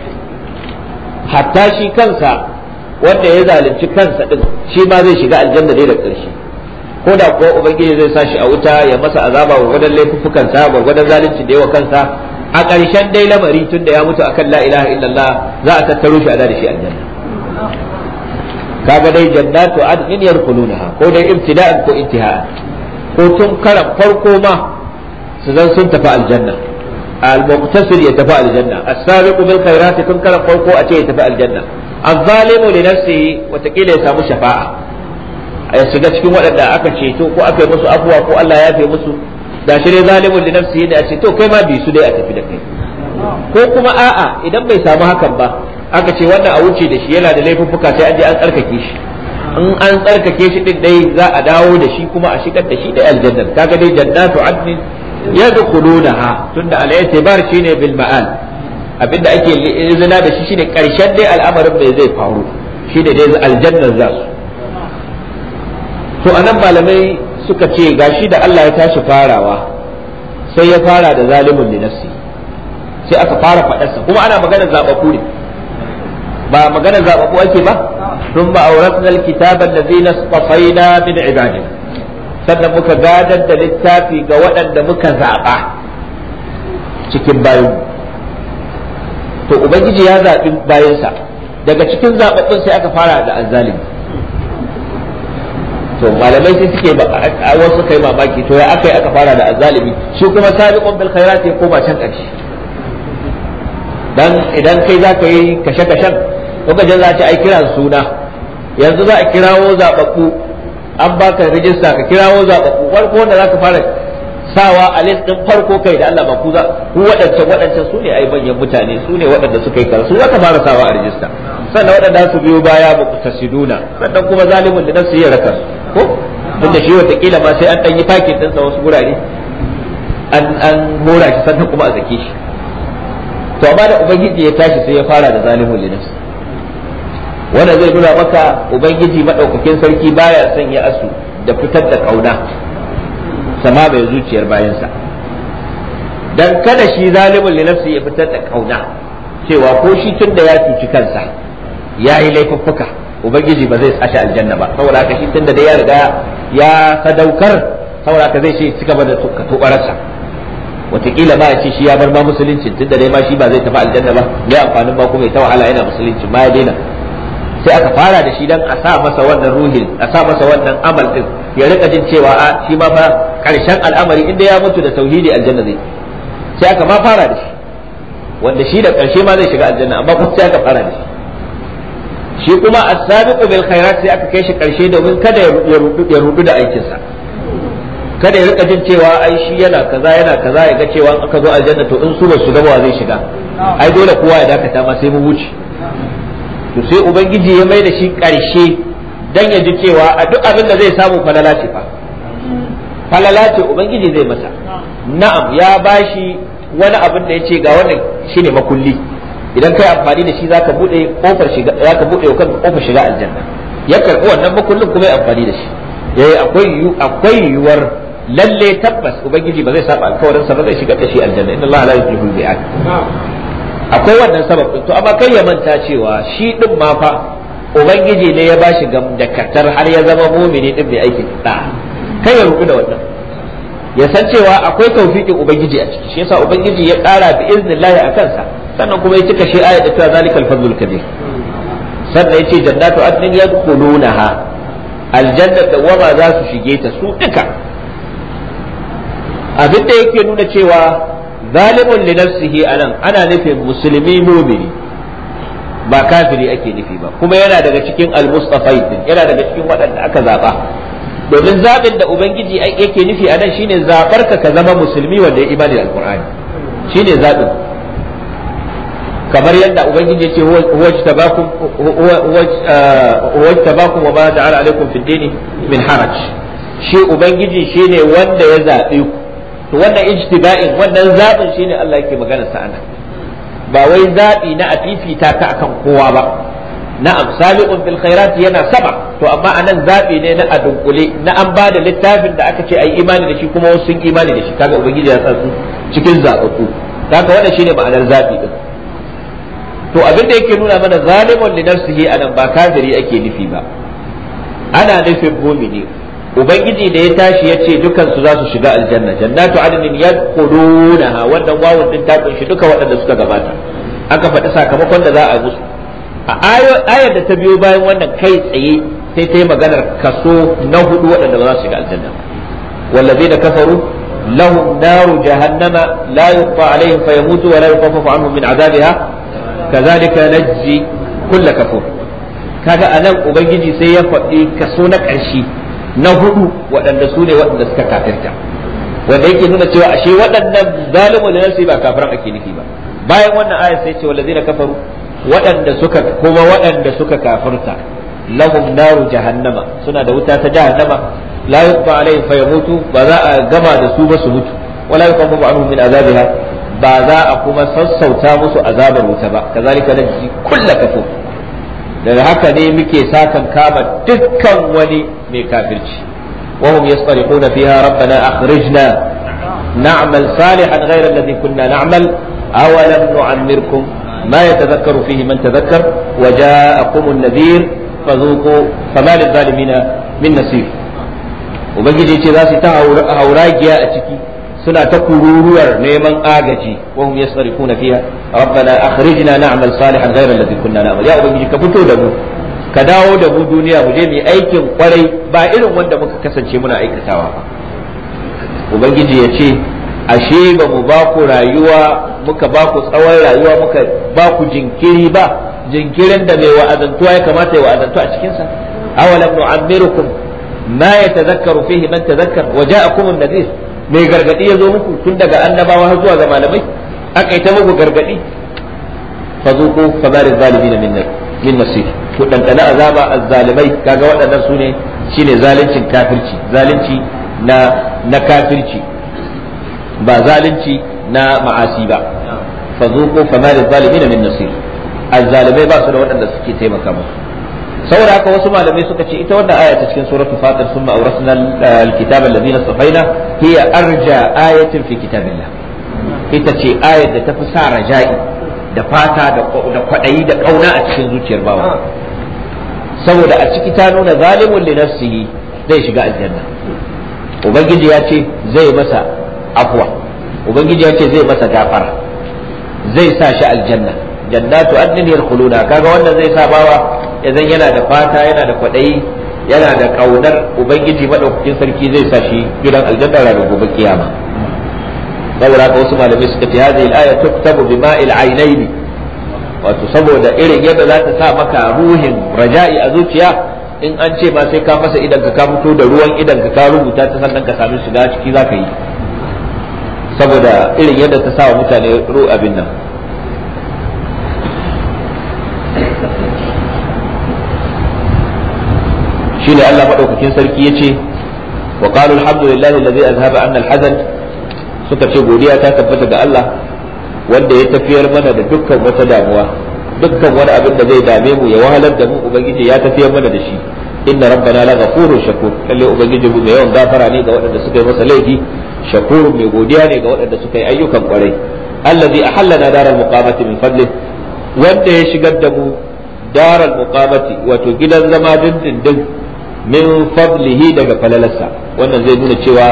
Speaker 2: hatta shi kansa wanda ya zalunci kansa ɗin shi ma zai shiga aljanna dai da ƙarshe ko da kuwa ubangiji zai sa shi a wuta ya masa azaba gwargwadon laifuffukansa gwargwadon zalunci da yi wa kansa a ƙarshen dai lamari tun da ya mutu akan la ilaha illallah za a tattaro shi a da shi aljanna kaga dai jannatu adnin yadkhulunaha ko dai ibtida'an ko intiha'an ko tun karan farko ma su zan sun tafi aljanna al-muqtasil ya tafi aljanna as-sabiqu bil khairati tun karan farko a ce ya tafi aljanna az-zalimu li nafsihi watakila ya samu shafa'a A shiga cikin waɗanda aka ceto ko aka yi musu abuwa ko Allah ya yafe musu da shi ne zalimin li nafsihi da ce to kai ma bi su dai a tafi da kai ko kuma a'a idan bai samu hakan ba aka ce wannan a wuce da shi yana da laifuffuka sai an je an tsarkake shi in an tsarkake shi din dai za a dawo da shi kuma a shigar da shi da aljanna kaga dai jannatu adnin yadkhulunaha tunda al-i'tibar shine bil ma'al abinda ake izina da shi shine karshen dai al'amarin bai zai faru da dai aljanna za su to anan malamai suka ce gashi da Allah ya tashi farawa sai ya fara da zalimin li nafsi sai aka fara faɗarsa kuma ana magana zabaku ne ba magana zabaku ake ba sun ba auratna alkitaba allazina safaina min ibadina sannan muka gadar da littafi ga waɗanda muka zaɓa cikin bayan to ubangiji ya zaɓi bayansa daga cikin zababbin sai aka fara da azzalimi to malamai sai suke wasu kai mamaki to ya aka yi aka fara da azalimi shi kuma sabiqun bil khairat ya koma can ƙarshe dan idan kai za ka yi kashe kashen je za ta ai kiran suna yanzu za a kirawo zababbu an baka rijista ka kirawo zababbu farko wanda za ka fara sawa a list din farko kai da Allah ba ku za ku waɗancan waɗancan su ne ai manyan mutane su ne waɗanda suka yi karatu za ka fara sawa a rijista sannan waɗanda su biyo baya ba ku tasiduna sannan kuma zalimin da nasu yi rakar ko da shi watakila ma sai an ɗan yi fakin ɗinsa wasu gurare an an shi sannan kuma a zake shi to amma da ubangiji ya tashi sai ya fara da zalimin li nafsi wanda zai nuna maka ubangiji madaukakin sarki baya son ya asu da fitar da kauna sama bai zuciyar bayansa dan kada shi zalimin li nafsi ya fitar da kauna cewa ko shi tunda ya cuci kansa ya yi laifuffuka ubangiji ba zai sashi aljanna ba saboda haka shi tunda da ya riga ya sadaukar saboda haka zai ce cika da tubararsa watakila ba ya ce shi ya bar ma musulunci tunda dai ma shi ba zai tafi aljanna ba ya amfanin ba kuma ya ta wahala yana musulunci ma ya daina sai aka fara da shi dan a sa masa wannan ruhin a sa masa wannan amal din ya rika jin cewa a shi ma fa karshen al'amari inda ya mutu da tauhidi aljanna zai sai aka ma fara da shi wanda shi da karshe ma zai shiga aljanna amma kuma sai aka fara da shi shi kuma a sami bil khairat sai aka kai shi ƙarshe domin kada ya rudu da aikinsa kada ya rika jin cewa ai shi yana kaza yana kaza ya ga cewa aka zo aljanna to in su ba su gaba zai shiga ai dole kowa ya dakata ma sai mu wuce to sai ubangiji ya mai da shi ƙarshe dan ya ji cewa a duk abin da zai samu falala ce fa falala ce ubangiji zai masa na'am ya bashi wani abin da ya ce ga wannan shine makulli idan kai amfani da shi zaka bude kofar shiga zaka bude kan kofar shiga aljanna ya karbi wannan makullin kuma ya amfani da shi yayi eh, akwai akwai yuwar lalle tabbas ubangiji ba zai saba alkawarin sa ba zai shiga da shi aljanna inna allaha la yuflihul bi'ad akwai wannan sababin to amma kai ya manta cewa shi din ma fa ubangiji ne ya bashi katar har ya zama mumini din mai aiki da kai ya rubu da wannan ya san cewa akwai tawfiqin ubangiji a ciki shi yasa ubangiji ya kara bi iznillahi a kansa sannan kuma ya cika shi ayat da cewa zalikal fadlul kabir sannan yace jannatu adnin yadkhulunaha aljanna da wama za su shige ta su duka abin da yake nuna cewa zalimun li nafsihi anan ana nufin musulmi mumini ba kafiri ake nufi ba kuma yana daga cikin almustafai din yana daga cikin waɗanda aka zaba domin zaɓin da ubangiji yake nufi a nan shine zabar ka ka zama musulmi wanda ya imani alqur'ani shine zaɓin kamar yadda ubangiji yake wajtabakum uh, wajtabakum wa ma ja'ala alaikum fid dini min haraj shi ubangiji shine wanda ya zabe ku to wannan ijtiba'in wannan zabin shine Allah yake magana sa anan ba wai zabi na afifita ka akan kowa ba na'am sabiqun bil khairat yana sama to amma anan zabi ne na adunkule na an ba da littafin da aka ce ai imani da shi kuma wasu sun imani da shi kaga ubangiji ya sa su cikin ku kaga wannan shine ma'anar zabi din to abin da yake nuna mana zalimun li nafsihi anan ba kafiri ake nufi ba ana nufin mumini ubangiji da ya tashi ya ce su za su shiga aljanna jannatu adnin yadkhulunaha wannan wawun din ta kunshi duka waɗanda suka gabata aka faɗi sakamakon da za a musu a ayar da ta biyo bayan wannan kai tsaye sai ta yi maganar kaso na hudu waɗanda ba za su shiga aljanna wallazina kafaru lahum naru jahannama la yuqta alaihim fayamutu wa la yukhaffafu anhum min azabiha kazalika najji kulla kafur kaga anan ubangiji sai ya faɗi kaso na ƙarshe na hudu waɗanda su ne waɗanda suka kafirta wanda yake nuna cewa ashe waɗannan zalimu da nafsi ba kafiran ake nufi ba bayan wannan ayat sai ce wallazina kafaru waɗanda suka kuma waɗanda suka kafirta lahum naru jahannama suna da wuta ta jahannama la yuqta alaihim fayamutu ba za a gama da su ba su mutu wala yuqamu anhum min azabiha ba za a kuma sassauta musu azabar wuta ba kazalika najzi kulla kafur daga haka ne muke kan kama dukkan wani mai kafirci wa hum rabana fiha rabbana akhrijna na'mal salihan ghayra alladhi kunna na'mal aw lam nu'ammirkum ma yatadhakkaru fihi man tadhakkar wa ja'akum an-nadhir fadhuqu fama lil min nasir ubangiji ce za su ta hauragiya a ciki suna ta kururuwar neman agaji wa hum yasrifuna fiha rabbana akhrijna na'mal salihan ghayra alladhi kunna na'mal ya ubangiji ka fito da mu ka dawo da mu duniya mu je mu aikin kwarai ba irin wanda muka kasance muna aikatawa ba ubangiji ya ce ashe ba mu ba ku rayuwa muka ba ku tsawon rayuwa muka ba ku jinkiri ba jinkirin da mai wa'azantuwa ya kamata ya wa'azantu a cikinsa awalam nu'ammirukum ma yatadhakkaru fihi man tadhakkar wa ja'akum an-nadhir mai gargadi ya zo muku tun daga annabawa har zuwa ga malamai aka yi ta muku gargadi fa zuku fa bari zalimin min min nasir ku dandana azaba azzalimai kaga waɗannan su ne shine zaluncin kafirci zalunci na na kafirci ba zalunci na ma'asi ba fa zuku fa bari zalimin min nasir azzalimai ba su da waɗanda suke taimaka musu saboda haka wasu malamai suka ce ita wannan aya ta cikin suratul fatir summa awrasna alkitaba alladhina safaina hiya arja ayatin fi kitabillah ita ce ayar da tafi sa raja'i da fata da kwadayi da kauna a cikin zuciyar bawa saboda a ciki ta nuna zalimun li nafsihi zai shiga aljanna ubangiji ya ce zai masa afwa ubangiji ya ce zai masa gafara zai sa shi aljanna jannatu adnin yadkhuluna kaga wannan zai sa bawa idan yana da fata yana da kwaɗayi yana da ƙaunar ubangiji maɗaukacin sarki zai sa shi gidan aljanna da gobe kiyama saboda haka wasu malamai suka ce hadhihi al-aya tuktabu bima al-aynayn wato saboda irin yadda za ta sa maka ruhin raja'i a zuciya in an ce ma sai ka fasa idan ka fito da ruwan idan ka rubuta ta sannan ka sami shiga ciki za ka yi saboda irin yadda ta sa wa mutane ru abin nan shine Allah madaukakin sarki yace wa qalu alhamdulillahi alladhi azhaba anna alhazan suka ce godiya ta tabbata ga Allah wanda ya tafiyar mana da dukkan wata damuwa dukkan wani abin da zai dame mu ya wahalar da mu ubangiji ya tafiyar mana da shi inna rabbana la ghafurun shakur lalle ubangiji mu mai yawan gafara ne ga waɗanda suka yi masa laifi shakurun mai godiya ne ga waɗanda suka yi ayyukan kwarai allazi ahallana wanda ya shigar da mu wato gidan zama dindindin min fadlihi daga falalarsa wannan zai nuna cewa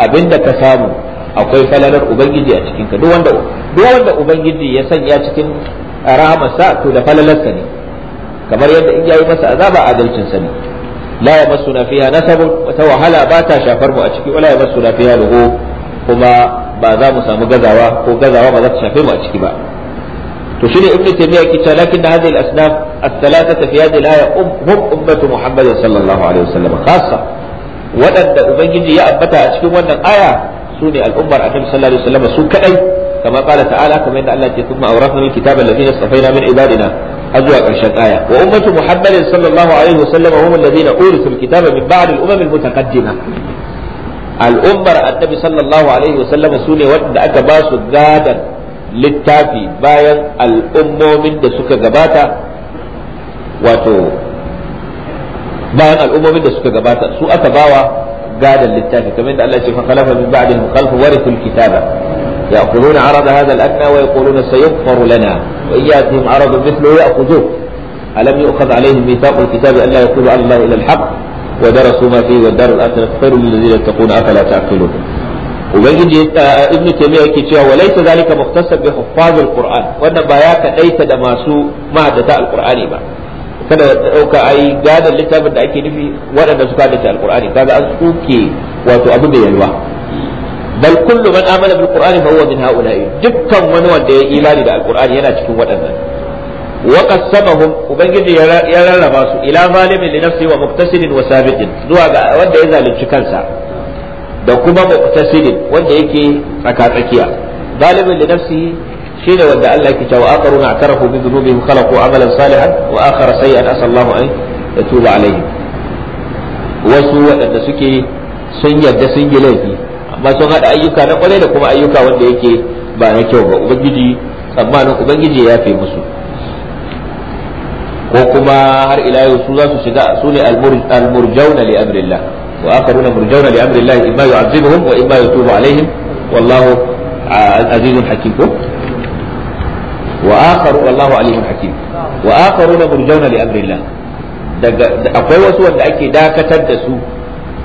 Speaker 2: abinda ka samu akwai falalar ubangiji a cikinka duk wanda duk wanda ubangiji ya sanya cikin rahamarsa to da falalarsa ne kamar yadda in yayi masa azaba adalcin sa ne la yamassuna fiha nasab wa wahala ba ta shafar mu a ciki wala yamassuna fiha lugu kuma ba za mu samu gazawa ko gazawa ba za ta shafe mu a ciki ba تشير ابن إيه تيميه كتاب لكن هذه الاصناف الثلاثه في هذه الايه أم هم امه محمد صلى الله عليه وسلم خاصه ودد ابنجي يا ابتا اشكي وانا الايه سوني الامه الاخير صلى الله عليه وسلم سو كأي كما قال تعالى كما ان الله ثم اورثنا الكتاب الذين اصطفينا من عبادنا ازوى ارشد ايه وامه محمد صلى الله عليه وسلم هم الذين اورثوا الكتاب من بعد الامم المتقدمه الامه النبي صلى الله عليه وسلم سوني ودد اكباس الزادر littafi bayan al'ummomin da suka gabata wato bayan al'ummomin da suka gabata su aka bawa gadon littafi kamar da Allah ya ce fa khalafa min ba'dihim khalfun warithul kitaba يأخذون عرض هذا الأدنى ويقولون سيغفر لنا وإن يأتهم عرض مثله يأخذوه ألم يؤخذ عليهم ميثاق الكتاب ألا يقولوا على الله إلا الحق ودرسوا ما فيه والدار الآخرة خير للذين يتقون أفلا تعقلون ubangiji ibnu taymiya yake cewa walaysa zalika mukhtasab bi huffazil qur'an wannan ba ya kadaita da masu mahaddata alqur'ani ba kada da dauka ai gadan littafin da ake nufi waɗanda suka haddace alqur'ani kaga an tsuke wato abu da yalwa bal kullu man amana bil qur'ani fa huwa min haula'i dukkan wani wanda ya imani da alqur'ani yana cikin waɗannan wa qasamahum ubangiji ya rarraba su ila zalimin li nafsihi wa muktasidin wa sabiqin zuwa ga wanda ya zalunci kansa da kuma muqtasidin wanda yake tsaka tsakiya galibin li shi shine wanda Allah yake cewa aqaruna atarafu bi dhunubihim khalaqu amalan salihan wa akhara sayyi'an asallahu an yatuba alayhi wasu waɗanda suke sun yarda sun yi laifi amma sun haɗa ayyuka na kwarai da kuma ayyuka wanda yake ba na kyau ba ubangiji tsammanin ubangiji ya fi musu ko kuma har ila yau su za su shiga su ne almurjauna li amrillah وآخرون مرجون لأمر الله إما يعذبهم وإما يتوب عليهم والله عزيز حكيم وآخر والله عليم حكيم وآخرون مرجون لأمر الله akwai wasu wanda ake dakatar su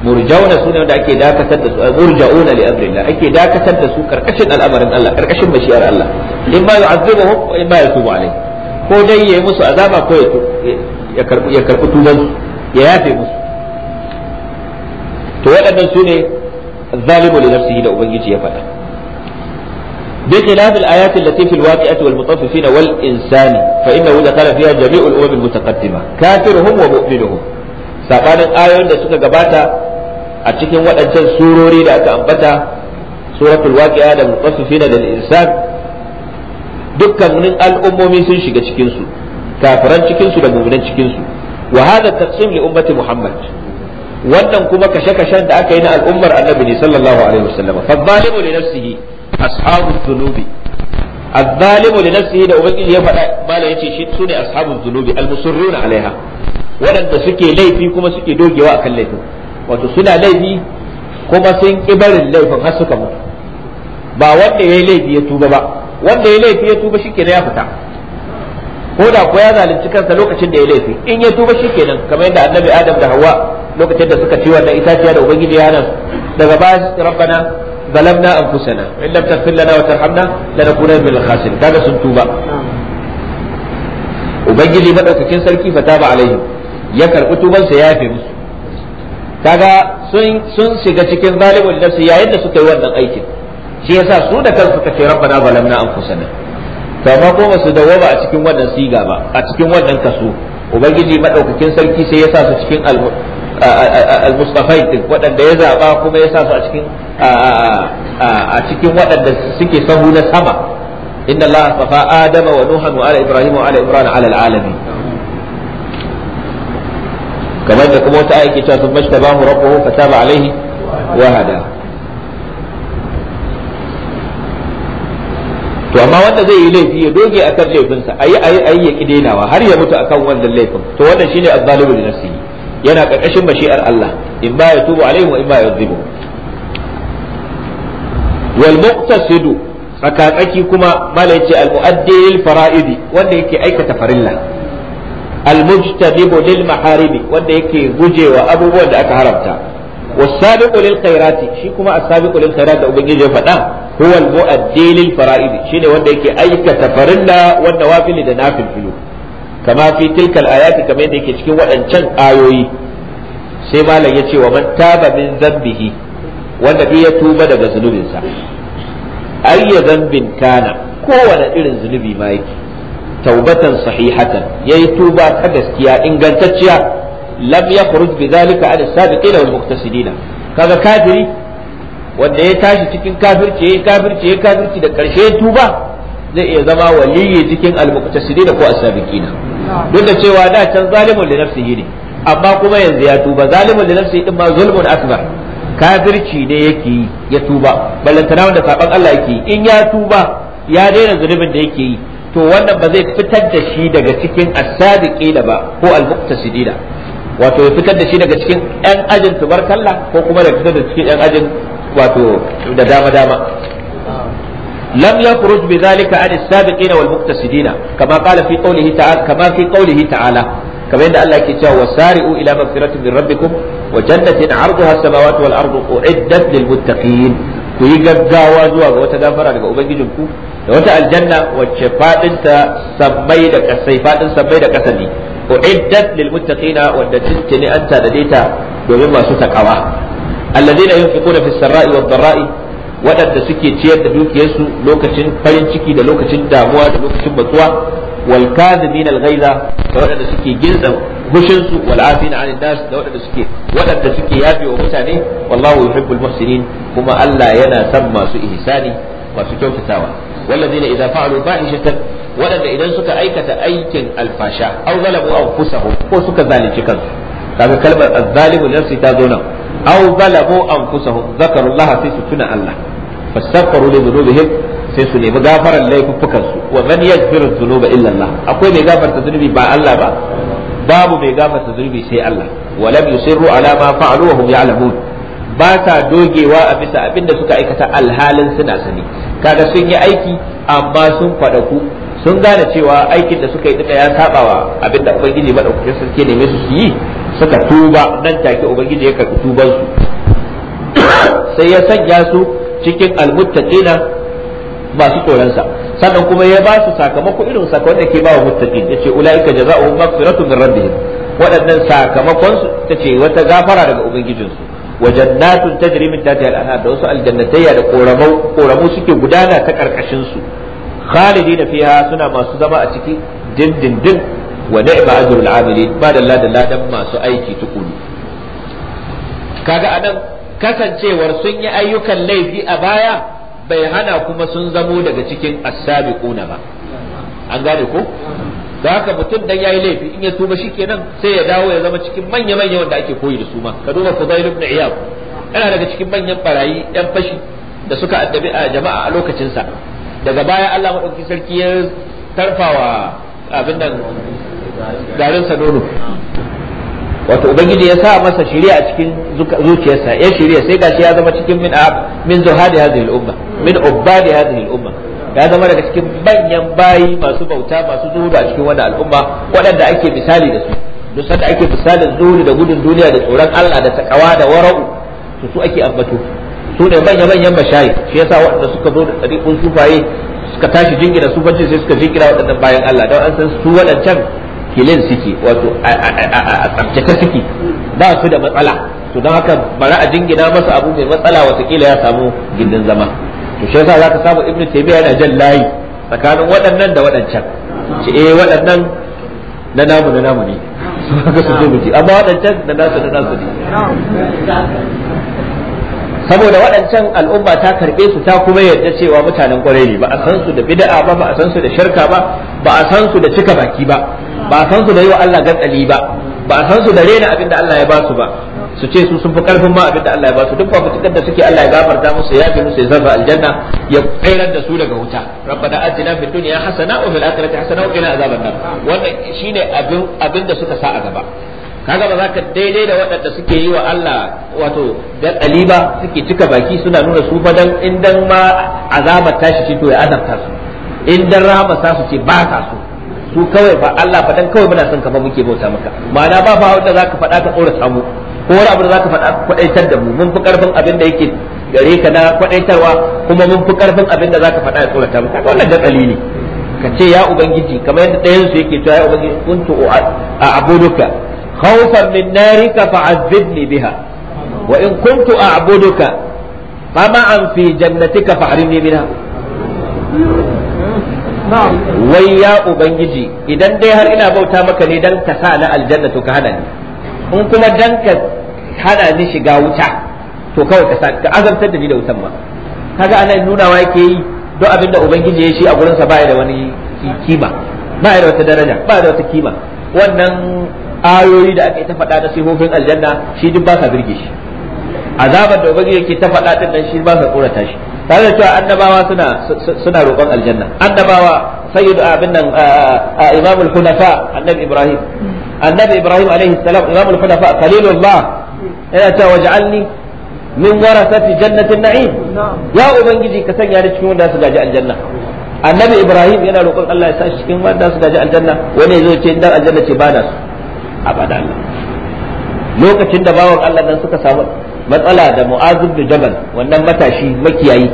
Speaker 2: murjauna su ne wanda ake dakatar da su murjauna li amrillah ake dakatar su karkashin al'amarin Allah karkashin bashiyar Allah in ma yu'azzibuhum wa in ma yatubu alayhi ko dai yayi musu ya karbi ya yafe musu to waɗannan su ne zalimu li nafsihi da ubangiji ya faɗa bi khilaf al ayat allati fi al waqi'ati wal mutaffifin wal insani fa innahu dakhala fiha jami'u al umam al mutaqaddima kafiruhum wa mu'minuhum sabanin ayoyin da suka gabata a cikin waɗancan surori da aka ambata suratul waqi'a da mutaffifin da al insan dukkanin al'ummomi sun shiga cikin su kafiran cikin da mu'minan cikinsu. su wa hadha taqsim muhammad wannan kuma kashe-kashen da aka yi na al'ummar annabi ne sallallahu alaihi wasallam fa zalimu li nafsihi ashabul dhunubi الظالم لنفسه da ubangiji ya faɗa mala yace shi sune ashabul dhunubi almusirruna alaiha waɗanda suke laifi kuma suke dogewa akan laifin wato suna laifi kuma sun ki barin laifin har suka mutu ba wanda yayi laifi ya tuba ba wanda yayi laifi ya tuba shikenan ya fita ko da ko ya zalunci kansa lokacin da ya laifi in ya tuba shikenan kamar yadda annabi adam da hawa lokacin da suka ci wannan itaciya da ubangiji ya nan daga ba rabbana zalamna anfusana in lam taghfir lana wa tarhamna lanakunanna minal khasirin kaga sun tuba ubangiji madaukakin sarki fataba alaihim ya karbi tuban sa ya yafe musu kaga sun sun shiga cikin zalimul nafsi yayin da suka yi wannan aikin shi yasa su da kansu suka ce rabbana zalamna anfusana to amma ko ba su dawwama a cikin wannan siga ba a cikin wannan kaso ubangiji madaukakin sarki sai ya sa su cikin al-mustafai din waɗanda ya zaba kuma ya sa su a cikin a cikin waɗanda suke sahu na sama inna allaha safa adama wa nuhan wa ala ibrahim wa ala imran ala alamin kamar da kuma wata ayyuka cewa sun mashtabahu rabbuhu fataba alaihi wa hada to amma wanda zai yi laifi ya doge akan laifinsa ayi ayi ayi ya ki dainawa har ya mutu akan wannan laifin to wannan shine azzalimu li nafsihi yana karkashin mashi'ar Allah in ba ya tubu alaihi wa in ba ya yuzibu wal muqtasidu tsakatsaki kuma mala yace al fara'idi wanda yake aikata farilla al mujtanibu lil maharibi wanda yake gujewa abubuwan da aka haramta والسابق للخيرات shi kuma السابق للخيرات da ubangiji ya faɗa huwa al-mu'addi lil fara'id shine wanda yake aikata farilla wanda wafili da nafil filu kama fi tilka al kamar yadda yake cikin waɗancan ayoyi sai malam ya ce wa man taba min zambihi wanda duk ya tuba daga zunubinsa ayya zambin kana kowane irin zunubi ma yake taubatan sahihatan yayi tuba ta gaskiya ingantacciya lam yakhruj bidhalika an as-sabiqina wal ka kaga kafiri wanda ya tashi cikin kafirci ya kafirci ya kafirci da karshe tuba zai iya zama waliyi cikin da ko as-sabiqina duk da cewa da can zalimun li nafsihi ne amma kuma yanzu ya tuba zalimun li nafsihi din ma zulmun akbar kafirci ne yake yi ya tuba ballantana da saban Allah yake yi in ya tuba ya daina zulubin da yake yi to wannan ba zai fitar da shi daga cikin as-sabiqina ba ko al-muqtasidina wato ya fitar da shi daga cikin ƴan ajin tubarkalla ko kuma da fitar da cikin ƴan ajin wato da dama dama bi zalika an as-sabiqina wal ta'ala kama fi qawlihi ta'ala kamar yadda Allah yake cewa wasari'u gaggawa zuwa ga wata gafara daga ubangijinku da wata aljanna wacce fadinta sabbai kasa ne masu takawa alladheena yunfiquna fis sarra'i wad waɗanda suke ciyar da dukiyarsu lokacin farin ciki da lokacin damuwa da lokacin batuwa wal kadhimin al ghaiza da waɗanda suke ginsa hushin su wal afina anil nas da waɗanda suke waɗanda suke yafe wa mutane wallahu yuhibbul muhsinin kuma Allah yana san masu ihsani masu kyautatawa walladheena idza fa'alu waɗanda idan suka aikata aikin alfasha aw zalamu anfusahum ko suka zalunci kansu kaga kalmar az-zalimu nafsi ta zo nan aw zalamu anfusahum zakarullah sai su tuna Allah fastaghfiru li dhunubihim sai su nemi gafaran laifukan su wa man yaghfiru dhunuba illa Allah akwai mai gafarta zunubi ba Allah ba babu mai gafarta zunubi sai Allah wa lam yusirru ala ma fa'alu wa hum ya'lamun ba ta dogewa a bisa abin da suka aikata alhalin suna sani kaga sun yi aiki amma sun ku? sun gane cewa aikin da suka yi duka ya sabawa abin da ubangiji madaukakin sarki ne su yi suka tuba nan take ubangiji ya karbi tuban su sai ya sanya su cikin almuttaqina masu tsoron sa sannan kuma ya ba su sakamako irin sakamakon da ke ba wa muttaqin yace ulaika jazaohum maghfiratun min rabbihim waɗannan sakamakon su tace wata gafara daga ubangijinsu wa jannatun tajri min tahtiha al-anhar da wasu aljannatayya da koramu koramu suke gudana ta karkashin su khalidina fiha suna masu zama a ciki dindindin wa ni'ma ajrul amilin ba da ladan ladan masu aiki tukuru kaga anan kasancewar sun yi ayyukan laifi a baya bai hana kuma sun zamo daga cikin as-sabiquna ba an gane ko da haka mutum dan yayi laifi in ya tuba shikenan sai ya dawo ya zama cikin manya manya wanda ake koyi da su ma ka duba Fudail ibn iyaku. yana daga cikin manyan barayi yan fashi da suka addabi a jama'a a lokacin sa daga baya Allah madauki sarki ya tarfawa abin nan garin sa nono wato ubangiji ya sa masa shari'a a cikin zuciyarsa ya shari'a sai gashi ya zama cikin min min zuhadi hadhihi al-umma min ubadi hadhihi al-umma ya zama daga cikin manyan bayi masu bauta masu zuhudu a cikin wannan al'umma waɗanda ake misali da su duk sanda ake misalin zuhudu da gudun duniya da tsoron Allah da takawa da wara'u to su ake ambato su ne manya manyan bashai shi yasa waɗanda suka zo da tsariƙun sufaye suka tashi jingina sufanci sai suka jingina waɗannan bayan Allah don an san su waɗancan kilin suke wato a tsabtace suke ba su da matsala to don haka bara a jingina masa abu mai matsala watakila ya samu gindin zama to shi yasa zaka samu ibnu taymiya yana jan layi tsakanin waɗannan da waɗancan ce eh waɗannan na namu na namu ne su haka su je miji amma waɗancan da nasu da nasu ne saboda waɗancan al'umma ta karɓe su ta kuma yarda cewa mutanen kwarai ne ba a san su da bid'a ba ba a san su da shirka ba ba a san su da cika baki ba ba san su da yi wa Allah gatsali ba ba san su da rena abin da Allah ya ba su ba su ce su sun fi karfin ma abin da Allah ya ba su duk fafutukar da suke Allah ya gafarta musu ya fi musu ya zarfa aljanna ya tsairar da su daga wuta rabbana atina fid dunya hasana wa fil akhirati hasana wa qina azaban nar wannan shine abin abin da suka sa a gaba kaga ba za ka daidai da waɗanda suke yi wa Allah wato dan ba suke cika baki suna nuna su ba dan in dan ma azabar tashi shi to ya adabta su in dan rahama sa su ce ba ka so su kawai fa Allah fa dan kawai muna son ka fa muke bauta maka ma'ana ba fa wanda zaka faɗa ka tsora samu ko wani abu da zaka faɗa kwadaitar da mu mun fi karfin abin da yake gare ka na kwadaitarwa kuma mun fi karfin abin da zaka faɗa ya tsora ta maka wannan da ne ka ce ya ubangiji kamar yadda ɗayan su yake cewa ya ubangiji kuntu a'buduka khawfan min narika fa'azzibni biha wa in kuntu a'buduka an fi jannatika fa'rimni minha wai ya ubangiji idan dai har ina bauta maka ne dan ka sa na aljanna to ka hada ni in kuma dan ka hana ni shiga wuta to kawai ka ka azabtar da ni da wutan ma kaga anan nunawa yake yi duk abin da ubangiji ya shi a gurin sa baya da wani kima baya da wata daraja baya da wata kima wannan ayoyi da ake yi ta faɗa da sifofin aljanna shi duk ba ka birge shi azabar da ubangiji yake ta faɗa din nan shi ba sa tsorata shi tare da cewa annabawa suna suna roƙon aljanna annabawa sayyidu ah, abin nan a ah, ah, imamul hunafa annabi ibrahim annabi ibrahim alaihi salam imamul hunafa khalilullah yana cewa waj'alni min warasati jannatin na'im ya ubangiji ka sanya ni cikin wanda su gaji aljanna annabi ibrahim yana roƙon Allah ya sa shi cikin wanda su gaji aljanna wani zai ce dan aljanna ce bana su abada Allah lokacin da bawan Allah nan suka samu matsala da mu'azib da jabal wannan matashi makiyayi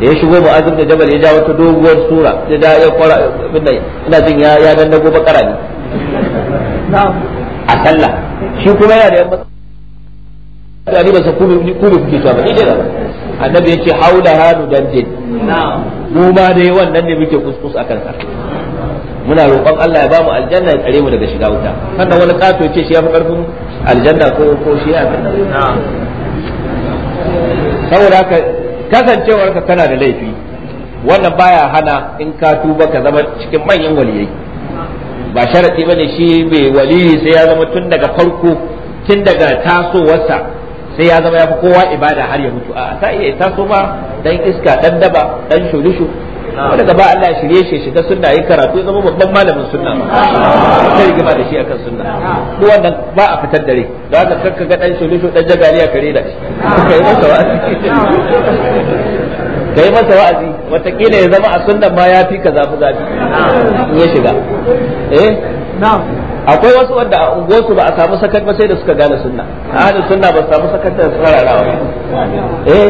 Speaker 2: da ya shigo mu'azib da jabal ya ja wata doguwar sura ya da ya kwara ina jin ya ya dan dago bakara ne a sallah shi kuma yana da yan matsala ba sa kuma ni kuma ta ba ni da annabi yace haula hanu na'am mu ma dai wannan ne muke kuskus akan sa muna roƙon Allah ya bamu aljanna ya tsare mu daga shiga wuta kada wani kato ce shi ya fi karfin aljanna ko ko shi ya fi saboda haka kasancewar ka kana da laifi wannan baya hana in ka tuba ka zama cikin manyan waliyai ba ba ne shi mai waliyi sai ya zama tun daga farko tun daga tasowarsa sai ya zama ya fi kowa ibada har ya mutu a ta iya taso ma dan iska dan daba dan shulushu wanda ah. gaba ba Allah ya shirye shi shiga sunna yi karatu ya zama babban malamin sunna sai gaba da shi akan sunna duk wannan ba a fitar dare da haka kanka ga dan shulushu dan jagaliya kare da shi kai masa wa'azi kai masa wa'azi watakila ya zama a sunnan ma ya fi ka zafi zafi ya shiga eh na'am akwai wasu wanda a unguwarsu ba a samu sakar ba sai da suka gane sunna hannun sunna ba su samu sakar da ba. eh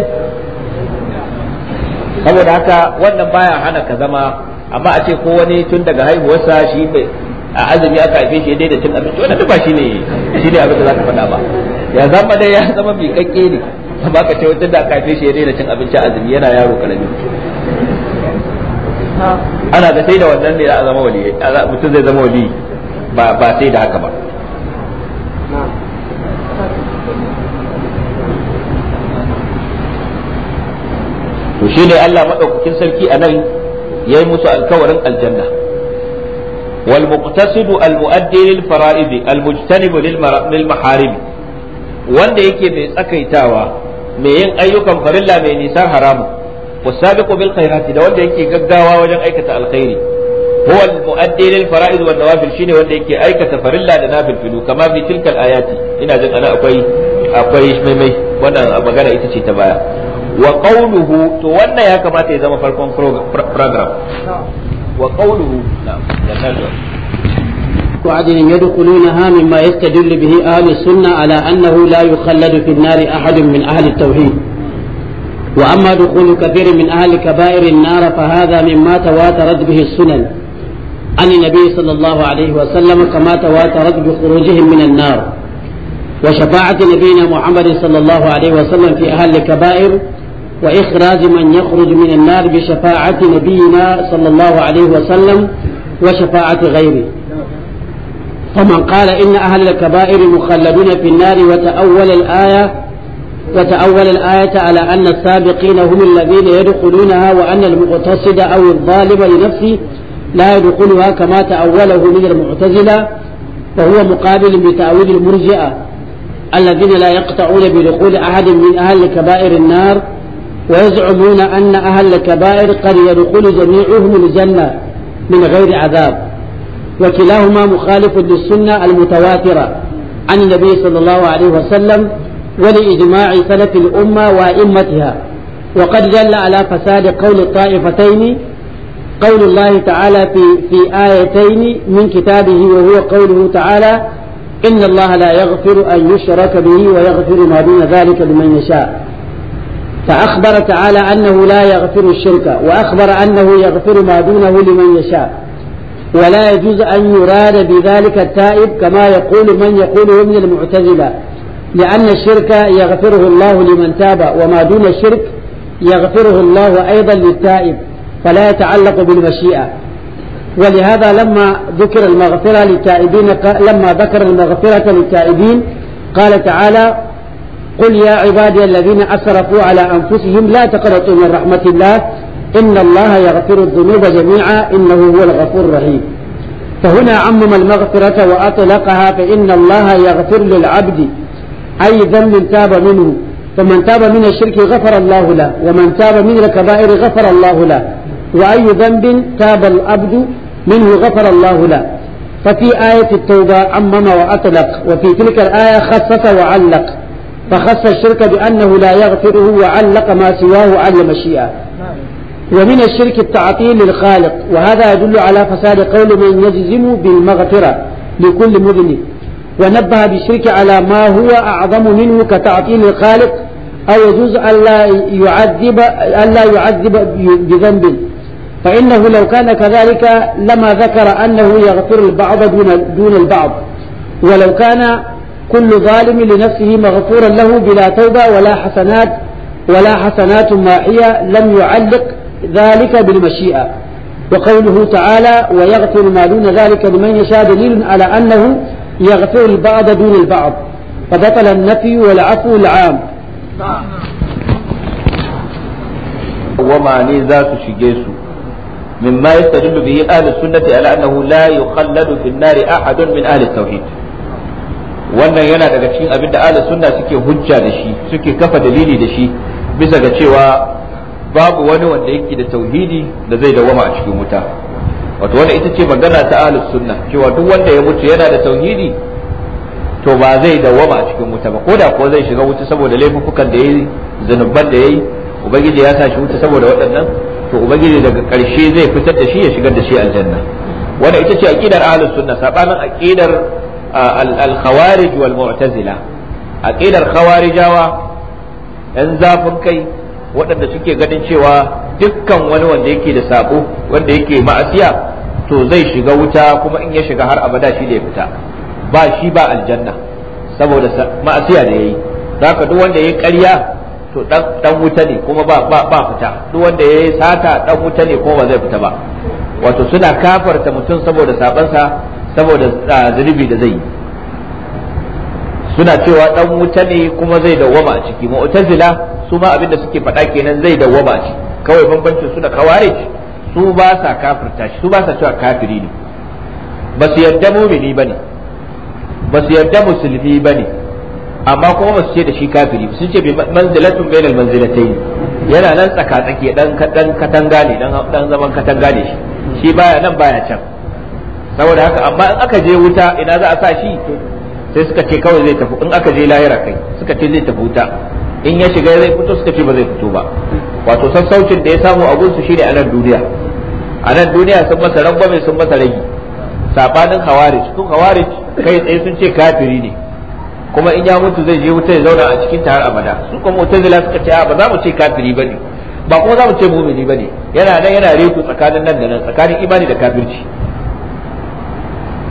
Speaker 2: saboda haka wannan baya hana ka zama amma a ce ko wani tun daga haihuwarsa shi bai a azumi aka haife shi dai da cin abinci wannan ba shine shine abin da zaka faɗa ba ya zama dai ya zama bi kakke ne amma ka ce tun da aka haife shi dai da cin abinci azumi yana yaro karami ana da sai da wannan ne a zama wali mutum zai zama wali ba sai da haka ba to shine Allah madaukakin sarki a nan yayi musu alkawarin aljanna wal muqtasidu al muaddi lil fara'id al mujtanib lil maharib wanda yake mai tsakaitawa yin ayyukan farilla mai nisan haramun wasabiqu bil khairati da wanda yake gaggawa wajen aikata alkhairi هو المؤدي للفرائض والنوافل شيني wanda yake aikata farilla da nafil filu kama fi tilkal ayati ina jin ana akwai maimai wannan magana ita ce ta baya wa qawluhu to wannan
Speaker 1: ya kamata ya zama farkon program wa qawluhu na'am وعدل يدخلونها مما يستدل به أهل السنة على أنه لا يخلد في النار أحد من أهل التوحيد وأما دخول كثير من أهل كبائر النار فهذا مما تواترت به السنن عن النبي صلى الله عليه وسلم كما تواترت بخروجهم من النار وشفاعة نبينا محمد صلى الله عليه وسلم في أهل الكبائر وإخراج من يخرج من النار بشفاعة نبينا صلى الله عليه وسلم وشفاعة غيره فمن قال إن أهل الكبائر مخلدون في النار وتأول الآية وتأول الآية على أن السابقين هم الذين يدخلونها وأن المقتصد أو الظالم لنفسه لا يدخلها كما تأوله من المعتزلة فهو مقابل بتأويل المرجئة الذين لا يقطعون بدخول أحد من أهل كبائر النار ويزعمون أن أهل الكبائر قد يدخل جميعهم الجنة من غير عذاب وكلاهما مخالف للسنة المتواترة عن النبي صلى الله عليه وسلم ولإجماع سلف الأمة وأئمتها وقد دل على فساد قول الطائفتين قول الله تعالى في في آيتين من كتابه وهو قوله تعالى إن الله لا يغفر أن يشرك به ويغفر ما دون ذلك لمن يشاء فأخبر تعالى أنه لا يغفر الشرك وأخبر أنه يغفر ما دونه لمن يشاء ولا يجوز أن يراد بذلك التائب كما يقول من يقوله من المعتزلة لأن الشرك يغفره الله لمن تاب وما دون الشرك يغفره الله أيضا للتائب فلا يتعلق بالمشيئة ولهذا لما ذكر المغفرة للتائبين لما ذكر المغفرة للتائبين قال تعالى قل يا عبادي الذين أسرفوا على أنفسهم لا تقنطوا من رحمة الله إن الله يغفر الذنوب جميعا إنه هو الغفور الرحيم فهنا عمم المغفرة وأطلقها فإن الله يغفر للعبد أي ذنب تاب منه فمن تاب من الشرك غفر الله له ومن تاب من الكبائر غفر الله له وأي ذنب تاب العبد منه غفر الله له ففي آية التوبة عمم وأطلق وفي تلك الآية خصص وعلق فخص الشرك بأنه لا يغفره وعلق ما سواه على المشيئة ومن الشرك التعطيل للخالق وهذا يدل على فساد قول من يجزم بالمغفرة لكل مذنب ونبه بالشرك على ما هو أعظم منه كتعطيل الخالق أو يجوز ألا يعذب ألا يعذب بذنب فإنه لو كان كذلك لما ذكر أنه يغفر البعض دون دون البعض ولو كان كل ظالم لنفسه مغفورا له بلا توبة ولا حسنات ولا حسنات ماحية لم يعلق ذلك بالمشيئة وقوله تعالى ويغفر ما دون ذلك لمن يشاء دليل على أنه يغفر البعض دون البعض فبطل النفي والعفو العام
Speaker 2: وما ذات شجيسو مما يستدل به أهل السنة على أنه لا يخلد في النار أحد من أهل التوحيد wannan yana daga cikin abin da ala sunna suke hujja da shi suke kafa dalili da shi bisa ga cewa babu wani wanda yake da tauhidi da zai dawama a cikin wuta wato wanda ita ce magana ta alisunna sunna cewa duk wanda ya mutu yana da tauhidi to ba zai dawama a cikin wuta ba ko da kuwa zai shiga wuta saboda laifukan da yayi zanuban da yayi ubangiji ya sa shi wuta saboda waɗannan to ubangiji daga ƙarshe zai fitar da shi ya shigar da shi aljanna wannan ita ce aqidar ahlus sunna sabanin aqidar الخوارج والمعتزلة wal الخوارج aqidar khawarijawa yan zafin kai waɗanda suke ganin cewa dukkan wani wanda yake da sabo wanda yake ma'asiya to zai shiga wuta kuma in ya shiga har abada shi da ya fita ba shi ba aljanna saboda ma'asiya da yayi zaka duk wanda yayi ƙarya to dan wuta ne kuma ba ba ba fita duk wanda yayi sata dan wuta ne kuma ba zai fita ba wato suna kafarta mutum saboda sabansa saboda zunubi da zai yi suna cewa dan wuta ne kuma zai dawwama a ciki mu'tazila su ma abinda suke faɗa kenan zai dawwama a ciki kawai bambancin su da kawarij su ba sa kafirta su ba sa cewa kafiri ne ba su yarda mumini bane ba su yarda musulmi bane amma kuma ba su ce da shi kafiri sun ce bi manzilatun bainal manzilatayn yana nan tsaka tsaki dan dan katanga ne dan zaman katanga ne shi shi baya nan baya can saboda haka amma in aka je wuta ina za a sa shi sai suka ce kawai zai tafi in aka je lahira kai suka ce zai tafi wuta in ya shiga zai fito suka ce ba zai fito ba wato sassaucin da ya samu a gunsu shine a nan duniya a nan duniya sun masa rangwame sun masa ragi sabanin hawarij tun hawarij kai tsaye sun ce kafiri ne kuma in ya mutu zai je wuta ya zauna a cikin tare abada su kuma mu'tazila suka ce ba za mu ce kafiri ba ne ba kuma za mu ce mu'mini ne yana nan yana reku tsakanin nan da nan tsakanin imani da kafirci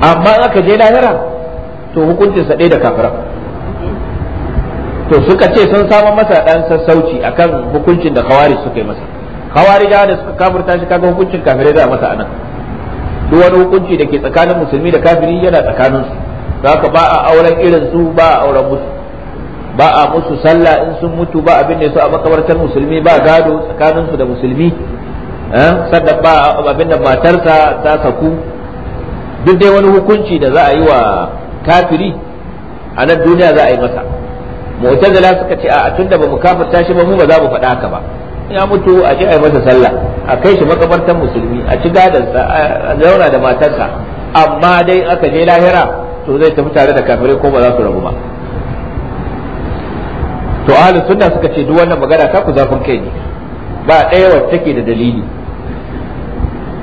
Speaker 2: amma in aka je lahira to hukuncin sa ɗaya da kafira to suka ce sun samu masa dan sassauci akan hukuncin da kawari suka yi masa kawari da suka kafirta shi kaga hukuncin kafirai da masa anan duk wani hukunci da ke tsakanin musulmi da kafiri yana tsakanin su haka ba a auren irin su ba a auren musu ba a musu sallah in sun mutu ba abin da su a makabartar musulmi ba gado tsakanin su da musulmi eh, sannan ba abin da matarsa ta saku duk dai wani hukunci da za a yi wa kafiri a nan duniya za a yi masa mu'tazila suka ce a tunda ba mu kafirta shi ba mu ba za mu faɗa haka ba ya mutu a ce a yi masa sallah a kai shi makabartan musulmi a ci sa a zauna da matarsa amma dai aka je lahira to zai tafi tare da kafirai ko ba za su rabu ba to ahlus sunna suka ce duk wannan magana ta ku zafin kai ne ba ɗaya wacce take da dalili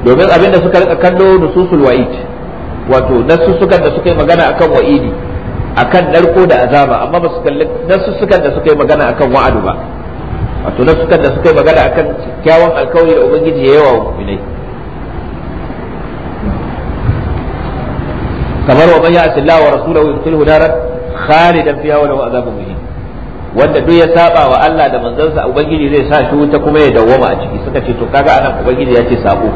Speaker 2: domin abin da suka rika kallo nususul wa'id wato nasu nasussukan da suka yi magana akan wa'idi akan narko da azaba amma ba su kalli nasu nasussukan da suka yi magana akan wa'adu ba wato nasussukan da suka yi magana akan kyawun alkawari da ubangiji ya yawa mu'minai kamar wa man ya'si Allah wa rasulahu yudkhilhu naran khalidan fiha wa lahu azabun muhin wanda duk ya saba wa Allah da manzansa ubangiji zai sa shi wuta kuma ya dawwama a ciki suka ce to kaga anan ubangiji ya ce sabo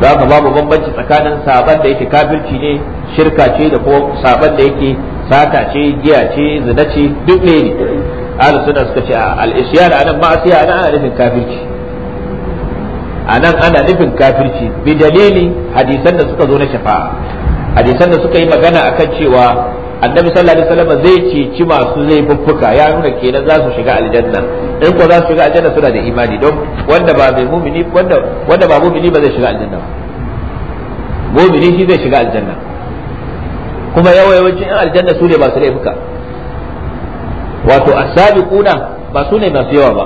Speaker 2: za ka babu bambanci tsakanin saban da yake kafirci ne shirka ce da ko saban da yake saka ce giya ce zina ce duk ne ne ahlus sunna suka ce al-isyan anan ma'asiya anan ana nufin kafirci anan ana nufin kafirci bi dalili hadisan da suka zo na shafa'a hadisan da suka yi magana akan cewa annabi sallallahu alaihi wasallam zai ceci masu laifuffuka ya nuna kenan za su shiga aljanna in ko za su shiga aljanna suna da imani don wanda ba mai mumini wanda wanda ba mumini ba zai shiga aljanna ba mumini shi zai shiga aljanna kuma yawa yawancin yan aljanna su ne masu laifuka wato as-sabiquna ba su ne masu yawa ba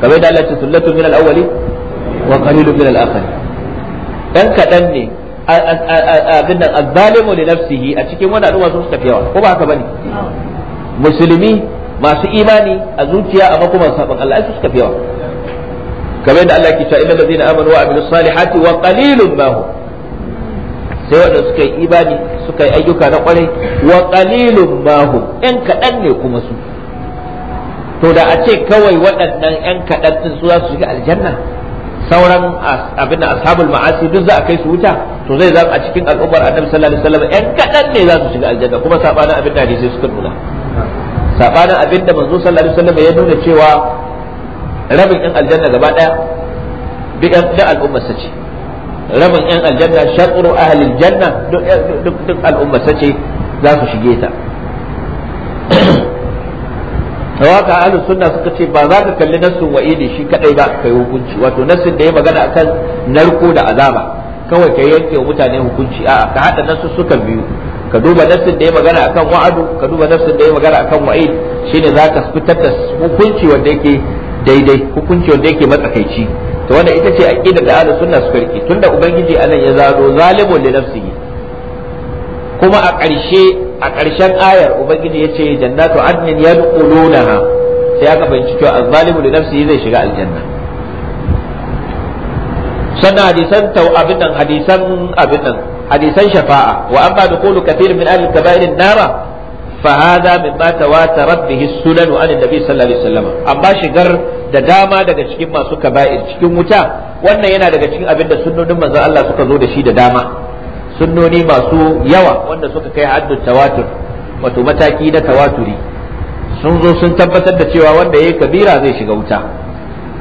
Speaker 2: kamar da Allah ta sullatu min al-awwali wa qalilun min al-akhir dan kadan ne abin nan azzalimu li nafsihi a cikin wani al'umma sun tafi yawa ko ba haka bane musulmi masu imani a zuciya amma kuma sabon Allah ai tafi yawa kamar da Allah ke cewa innal ladina amanu wa amilus salihati wa qalilun ma hum sai wanda suka yi imani suka yi ayyuka na kwarai wa qalilun ma hum ɗan kaɗan ne kuma su to da a ce kawai waɗannan ɗan kaɗan din su za su shiga aljanna sauran abin ashabul ma'asi duk za a kai su wuta to zai zama a cikin al'ummar annabi sallallahu alaihi wasallam ɗan kaɗan ne za su shiga aljanna kuma sabanin abin da hadisi suka nuna sabanin abin da manzo sallallahu alaihi wasallam ya nuna cewa rabin ɗan aljanna gaba ɗaya duk ɗan al'ummar sa ce rabin ɗan aljanna shatru ahlil janna duk duk al'ummar sa ce za su shige ta waka ahli sunna suka ce ba za ka kalli nassun wa'idi shi kadai ba kai hukunci wato nassin da ya magana akan narko da azaba kawai kai yanke wa mutane hukunci a'a ka hada nassu suka biyu ka duba nassin da ya magana akan wa'adu ka duba nassin da ya magana akan wa'id shine za ka fitar da hukunci wanda yake daidai hukunci wanda yake matsakaici to wannan ita ce aqidar da ahli sunna suka rike tunda ubangiji anan ya zado zalimun li nafsihi kuma a ƙarshe a ƙarshen ayar ubangiji ya ce jannatu adnin yadkhulunaha sai aka fahimci cewa azzalimu li nafsihi zai shiga aljanna sannan hadisan tau abin nan hadisan abin nan hadisan shafa'a wa amma dukhulu kafir min ahli kaba'ir an-nara فهذا مما تواترت به السنن عن النبي صلى الله عليه وسلم amma shigar da dama daga cikin masu kaba'ir cikin wuta wannan yana daga cikin abin da sunnonin manzon Allah suka zo da shi da dama sunnoni masu yawa wanda suka kai haddu tawatur wato mataki na tawaturi sun zo sun tabbatar da cewa wanda yayi kabira zai shiga wuta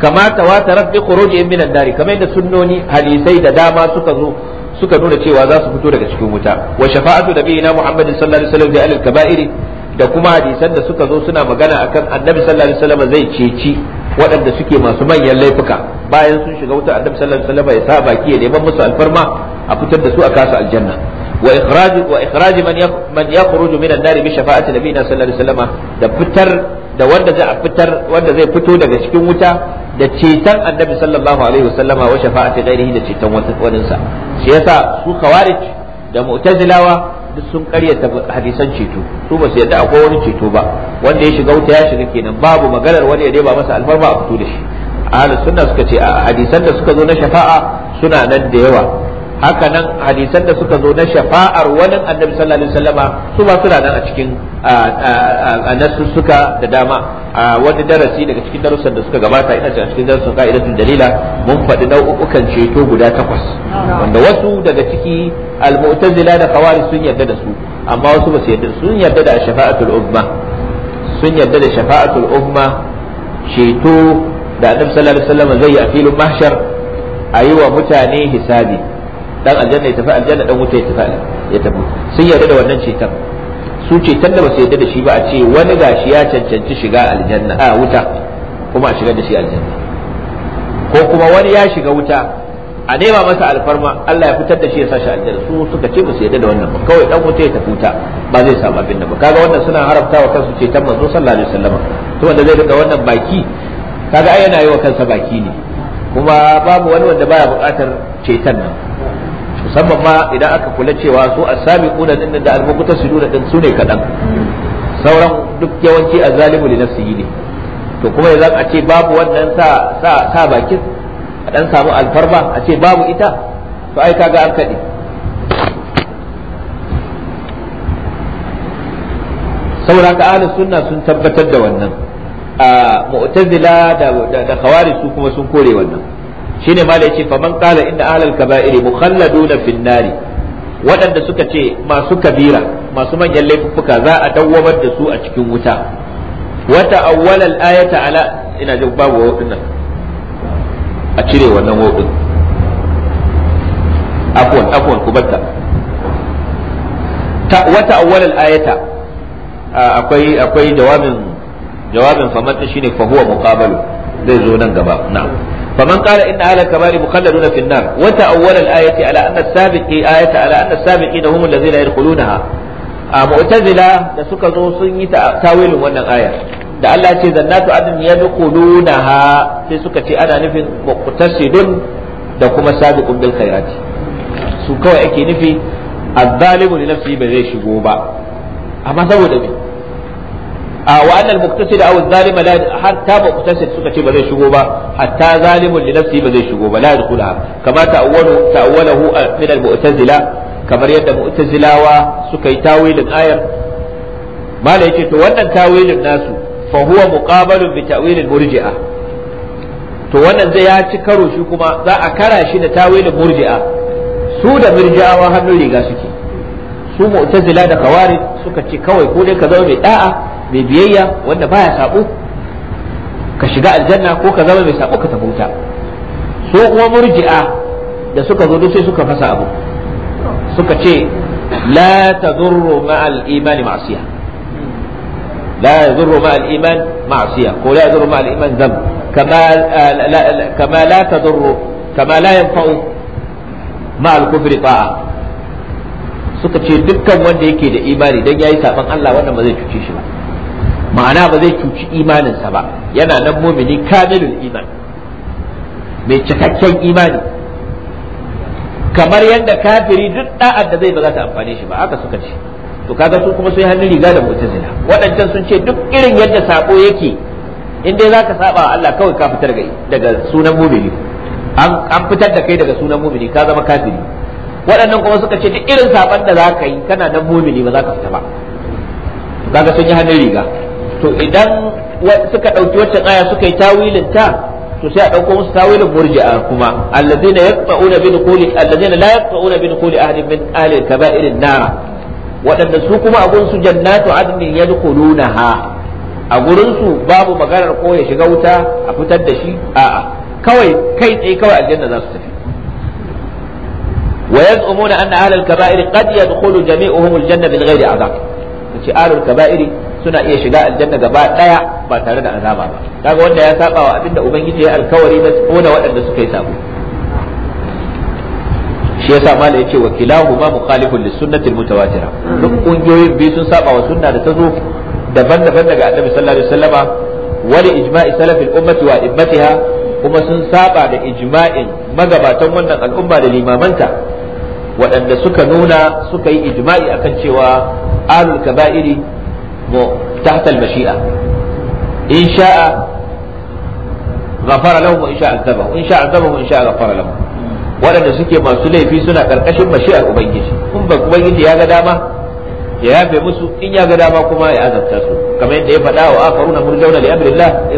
Speaker 2: kama tawatarat bi khuruji min an dari kamar yadda sunnoni halisai da dama suka zo suka nuna cewa za su fito daga cikin wuta wa shafa'atu nabiyina muhammadin sallallahu alaihi wasallam bi al-kaba'iri da kuma hadisan da suka zo suna magana akan annabi sallallahu alaihi wasallam zai ceci waɗanda suke masu manyan laifuka bayan sun shiga wuta annabi sallallahu alaihi wasallam ya sa baki ya neman musu alfarma a fitar da su a kasa aljanna wa ikhraj wa ikhraj man man yakhruju min an-nar bi shafa'ati nabiyina sallallahu alaihi wasallam da fitar da wanda za fitar wanda zai fito daga cikin wuta da cetan annabi sallallahu alaihi wasallama wa shafa'ati ghairihi da cetan wani sa shi yasa su khawarij da mu'tazilawa duk sun karyata hadisan ceto su ba su yadda akwai wani ceto ba wanda ya shiga wuta ya shiga kenan babu maganar wani ya ba masa alfarma a fito da shi ahlu sunna suka ce a hadisan da suka zo na shafa'a suna nan da yawa haka nan hadisan da suka zo na shafa'ar wani annabi sallallahu alaihi wasallama su ba suna nan a cikin suka da dama wani darasi daga cikin darussan da suka gabata ina a cikin darussan ka'idatul dalila mun faɗi nau'ukan ceto guda takwas wanda wasu daga ciki al-mu'tazila da khawarij sun yarda da su amma wasu ba su yarda sun yarda da shafa'atul umma sun yarda da shafa'atul umma ceto da annabi sallallahu alaihi wasallama zai yi a filin mahshar a yi wa mutane hisabi dan aljanna ya tafi aljanna dan wuta ya tafi ya tafi sun yarda da wannan cetar su cetar da ba yarda da shi ba a ce wani gashi ya cancanci shiga aljanna a wuta kuma a shiga da shi aljanna ko kuma wani ya shiga wuta a nema masa alfarma Allah ya fitar da shi ya sa shi aljanna su suka ce ba yarda da wannan ba kawai dan wuta ya tafi wuta ba zai samu abin da ba kaga wannan suna haramtawa kansu cetar manzo sallallahu alaihi wasallam to wanda zai rika wannan baki kaga ai yana yi wa kansa baki ne kuma babu wani wanda baya buƙatar ceton nan musamman ma idan aka kula cewa su sami kuna din da al nuna din su ne kadan sauran duk yawanci azalimu li nafsihi ne to kuma yanzu a ce babu wannan sa sa sa bakin a dan samu alfarma a ce babu ita to ai kaga an kade sauran ka ahlus sunna sun tabbatar da wannan a mu'tazila da da khawarij su kuma sun kore wannan shine ma yace faman qala inna ahlal kaba'iri mukhalladuna fin nari waɗanda suka ce masu kabira masu manyan laifuffuka za a dawwamar da su a cikin wuta wata awwalal ayata ala ina jin babu wawdin nan a cire wannan wawdin afwan afwan ku batta ta wata awwalal ayata akwai akwai jawabin jawabin faman shine fa huwa muqabalu zai zo nan gaba na'am فمن قال إن أهل الكبائر مخلدون في النار وتأول الآية على أن السابقين آية على أن السابقين هم الذين يدخلونها معتزلة da suka zo sun yi tawilin wannan aya da Allah ce zannatu adin yadkhulunaha sai suka ce ana nufin muqtasidun da kuma sabiqun bil khairati su kawai ake nufi azzalimu li nafsi ba shigo ba amma saboda wa annal muktasid aw zalima la hatta muktasid suka ce ba zai shigo ba hatta zalimun li nafsi ba zai shigo ba la yadkhulaha kama ta'awwalu ta'awwalahu min al mu'tazila kamar yadda mu'tazilawa suka yi tawilin ayar mala yace to wannan tawilin nasu fa huwa muqabalun bi tawilin murji'a to wannan zai ya ci karo shi kuma za a kara shi da tawilin murji'a su da murji'awa hannun riga suke su mu'tazila da khawarij suka ce kawai ko dai ka zama mai da'a mai biyayya wanda baya sabo ka shiga aljanna ko ka zama mai sabo ka tabuta su kuma murji'a da suka zo duk sai suka fasa abu suka ce la tadurru ma'al imani ma'siya la yadurru ma'al iman ma'siya ko la yadurru ma'al iman zam kama kama la tadurru kama la yanfa'u ma'al kufri ta'a suka ce dukkan wanda yake da imani dan yayi saban Allah wannan ba zai cuce shi ba ma'ana ba zai cuci imaninsa ba yana nan mumini kamilul iman mai cikakken imani kamar yadda kafiri duk da'ar da zai ba za ta amfane shi ba haka suka ce to kaga su kuma sai hannun riga da mutazila waɗancan sun ce duk irin yadda sako yake in dai zaka saba Allah kawai ka fitar daga sunan mumini an fitar da kai daga sunan mumini ka zama kafiri waɗannan kuma suka ce duk irin saban da zaka yi kana nan mumini ba za ka fita ba kaga sun yi hannun riga to idan suka ɗauki waccan aya suka yi tawilin ta to sai a ɗauko musu tawilin murji'a kuma allazina yaqta'una bi dukhuli allazina la yaqta'una bi dukhuli ahli min ahli al-kaba'ir an-nar waɗanda su kuma a gurin su jannatu adnin yadkhulunaha a gurin su babu maganar ko ya shiga wuta a fitar da shi a'a kawai kai tsaye kawai aljanna za su tafi ويزعمون أن أهل الكبائر قد يدخل جميعهم الجنة من غير عذاب. أهل الكبائر suna iya shiga aljanna gaba daya ba tare da azaba ba kaga wanda ya saba wa abinda ubangiji ya alkawari na kona waɗanda suka yi sabo shi yasa mala yace wa kilahuma mukhalifun lisunnati almutawatira duk kungiyoyin biyu sun saba wa sunna da ta zo daban-daban daga annabi sallallahu alaihi wasallama wali ijma'i salafil ummati wa kuma sun saba da ijma'in magabatan wannan al'umma da limamanta waɗanda suka nuna suka yi ijma'i akan cewa alul kaba'iri تحت المشيئة إن شاء غفر لهم وإن شاء عذبهم إن شاء عذبهم وإن شاء غفر لهم waɗanda suke masu laifi suna ƙarƙashin mashi'ar ubangiji kun ba ubangiji ya ga dama ya yafe musu in ya dama kuma ya azabta su kamar yadda ya faɗa wa akharuna murjauna li amrillah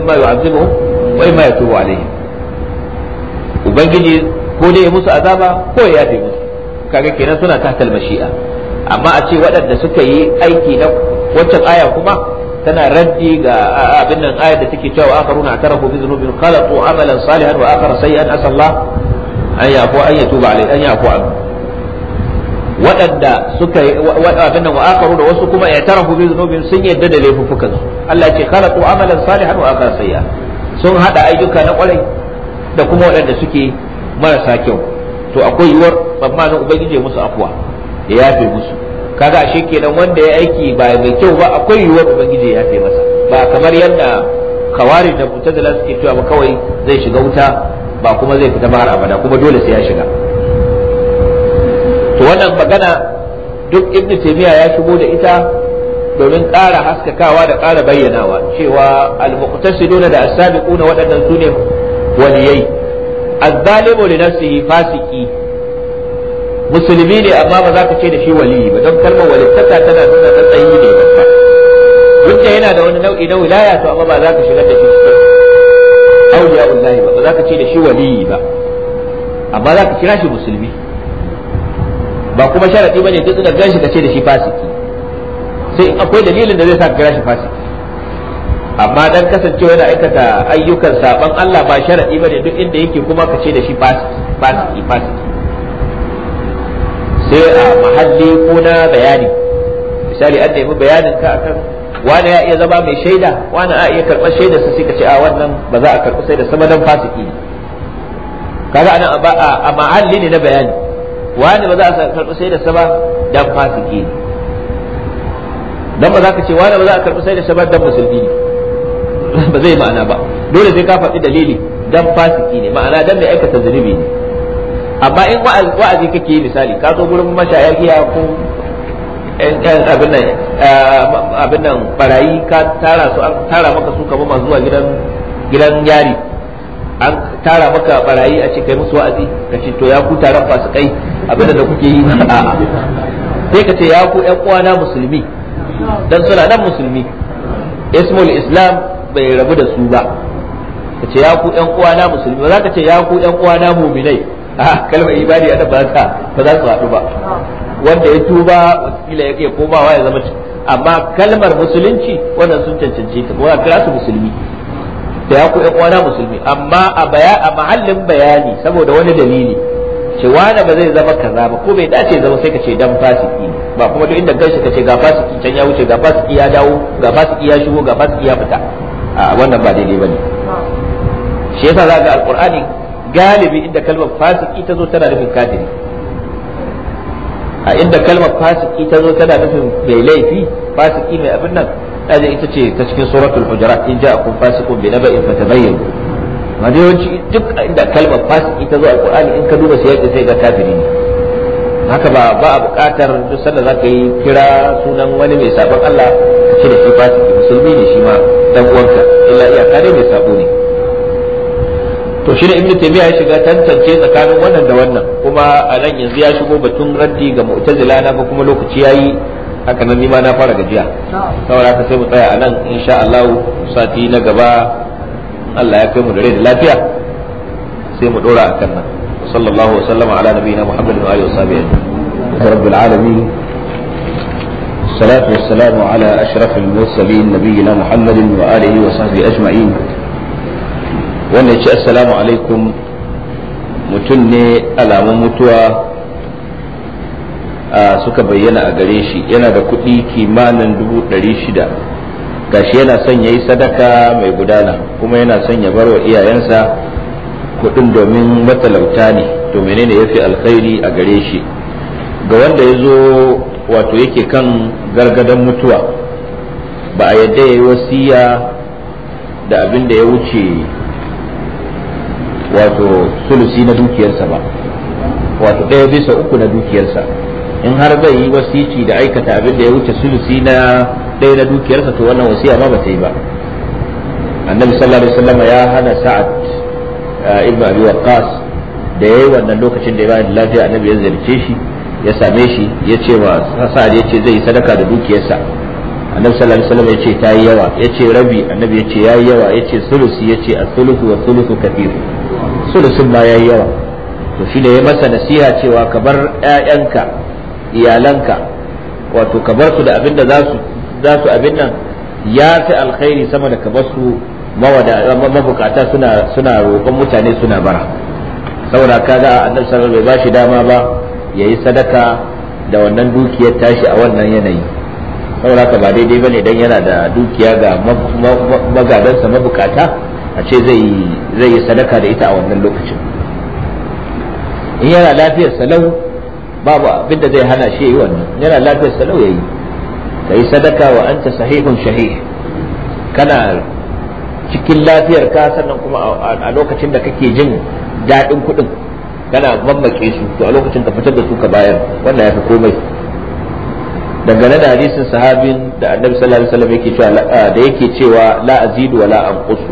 Speaker 2: ubangiji ko dai ya musu azaba ko ya yafe musu kaga kenan suna tahtal mashi'a amma a ce waɗanda suka yi aiki na waccan aya kuma tana raddi ga abin nan ayar da take cewa akharuna atarafu bi dhunubin khalaqu amalan salihan wa akhara sayyi'an asallah an yafu an yatuba alai an yafu an waɗanda suka abin nan wa akharu da wasu kuma i'tarafu bi dhunubin sun yadda da laifukan su Allah ya ce khalaqu amalan salihan wa akhara sayyi'an sun hada ayyuka na kwarai da kuma waɗanda suke marasa kyau to akwai yiwuwar tsammanin ubangiji musu afuwa ya yafe musu kaga ashe kenan wanda ya aiki ba mai kyau ba akwai yiwuwar ubangiji ya fi masa ba kamar yadda kawari da mutazila suke cewa ba kawai zai shiga wuta ba kuma zai fita har abada kuma dole sai ya shiga to wannan magana duk ibnu taymiya ya shigo da ita domin ƙara haskakawa da ƙara bayyanawa cewa al-muqtasiduna da as-sabiquna waɗannan sune waliyai az-zalimu li nafsihi fasiki musulmi ne amma ba za ka ce da shi wali ba don kalmar tata tana nuna matsayi ne babba duk da yana da wani nau'i na wilaya to amma ba za ka shigar da shi cikin auliya'ullahi ba ba za ka ce da shi wali ba amma za ka kira shi musulmi ba kuma sharadi bane duk da ganshi ka ce da shi fasiki sai akwai dalilin da zai sa ka kira shi fasiki amma dan kasancewa yana aikata ayyukan saban Allah ba sharadi bane duk inda yake kuma ka ce da shi fasiki fasiki fasiki sai a mahalli ko na bayani misali an nemi bayanin ka akan wani ya iya zama mai shaida wani a iya karɓar shaida su sai ka ce a wannan ba za a karɓi sai da sama dan fasiki ne kaga anan a mahalli ne na bayani wani ba za a karɓi sai da sama dan fasiki ne dan ba za ka ce wani ba za a karɓi sai da sama dan musulmi ne ba zai ma'ana ba dole sai ka faɗi dalili dan fasiki ne ma'ana dan mai aikata zunubi ne amma in wa'azi kake yi misali ka zo gurin mashaya giya ko abin nan barayi ka tara su an tara maka su kama masu zuwa gidan yari an tara maka barayi a ce kai musu wa'azi ka ce to ya ku taron fasikai abin da kuke yi a'a sai ka ce ya ku ƴan uwana musulmi dan suna nan musulmi ismul islam bai rabu da su ba ka ce ya ku ƴan uwana musulmi ba za ka ce ya ku ƴan uwana muminai a ah, kalmar ibadi a ba ta ba za su haɗu ba wanda ya tuba wasila ya komawa ya zama amma kalmar musulunci wannan sun cancanci ta kuma kira su musulmi da ya ku ƴan musulmi amma a baya a mahallin bayani saboda wani dalili cewa da ba zai zama kaza ba ko bai dace zama sai ka ce dan fasiki ba kuma duk inda kanshi ka ce ga fasiki can ya wuce ga fasiki ya dawo ga fasiki ya shigo ga fasiki ya fita a wannan ba daidai bane shi yasa zaka alqur'ani galibi inda kalmar fasiki ta zo tana nufin kafiri a inda kalmar fasiki ta zo tana nufin mai laifi fasiki mai abin nan ɗaje ita ce ta cikin suratul hujurat in ja'akum fasiqun bi naba'in fatabayyanu amma dai yawanci duk inda kalmar fasiki ta zo alqur'ani in ka duba sai sai ga kafiri ne haka ba ba a buƙatar duk sanda zaka yi kira sunan wani mai sabon Allah ka ce da shi fasiki musulmi ne shi ma dan uwanka illa iya dai mai sabo ne to shi ne ibnu taymiya ya shiga tantance tsakanin wannan da wannan kuma a nan yanzu ya shigo batun raddi ga mu'tazila na ga kuma lokaci yayi haka nan nima na fara gajiya saboda haka sai mu tsaya a nan insha Allah sati na gaba Allah ya kai mu da rai da lafiya sai mu dora akan nan sallallahu alaihi wasallam ala nabiyina muhammadin wa alihi wasallam rabbil alamin والصلاة والسلام على أشرف المرسلين نبينا محمد وآله وصحبه أجمعين wannan ce assalamu alaikum mutum ne alamun mutuwa a suka bayyana a gare shi yana da kuɗi kimanin dubu ɗari shida gashi yana son ya yi sadaka mai gudana kuma yana son ya bar wa iyayensa kuɗin domin matalauta ne to menene ya fi alkhairi a gare shi ga wanda ya zo wato yake kan gargadan mutuwa ba a yadda ya yi wasiya da abin da ya wuce wato sulusi na dukiyarsa ba wato ɗaya bisa uku na dukiyarsa in har zai yi wasici da aikata abin da ya wuce sulusi na ɗaya na dukiyarsa to wannan wasiya ma ba ta yi ba annabi sallallahu alaihi wasallam ya hana sa'ad eh, ibnu abi waqas da yayi wannan lokacin da ya bayar lafiya annabi ya zarce shi ya same shi ya ce wa sa'ad ya ce zai yi sadaka da dukiyarsa annabi sallallahu alaihi wasallam ya ce ta yi yawa ya ce rabi annabi ya ce ya yi yawa ya ce sulusi ya ce as-sulusu wa sulusu kathir da sun ma yi yawa to shi da ya masa nasiha cewa ka bar ƴaƴanka iyalanka wato ka bar su da abin da za su za abin nan ya fi alkhairi sama da ka bar su mabukata suna suna roƙon mutane suna bara saboda ga annabi sallallahu bai bashi dama ba yayi sadaka da wannan dukiyar tashi a wannan yanayi saboda ka ba daidai bane dan yana da dukiya ga magadansa mabukata a ce zai zai yi sadaka da ita a wannan lokacin in yana lafiyar salau babu abin da zai hana shi yi wannan yana lafiyar salau ya yi ka yi sadaka wa anta sahihun shahih kana cikin lafiyar ka sannan kuma a lokacin da kake jin daɗin kuɗin kana mammake su to a lokacin ka fitar da su ka bayar wannan ya fi komai dangane da hadisin sahabin da annabi sallallahu alaihi wasallam yake cewa da yake cewa la azidu wala anqusu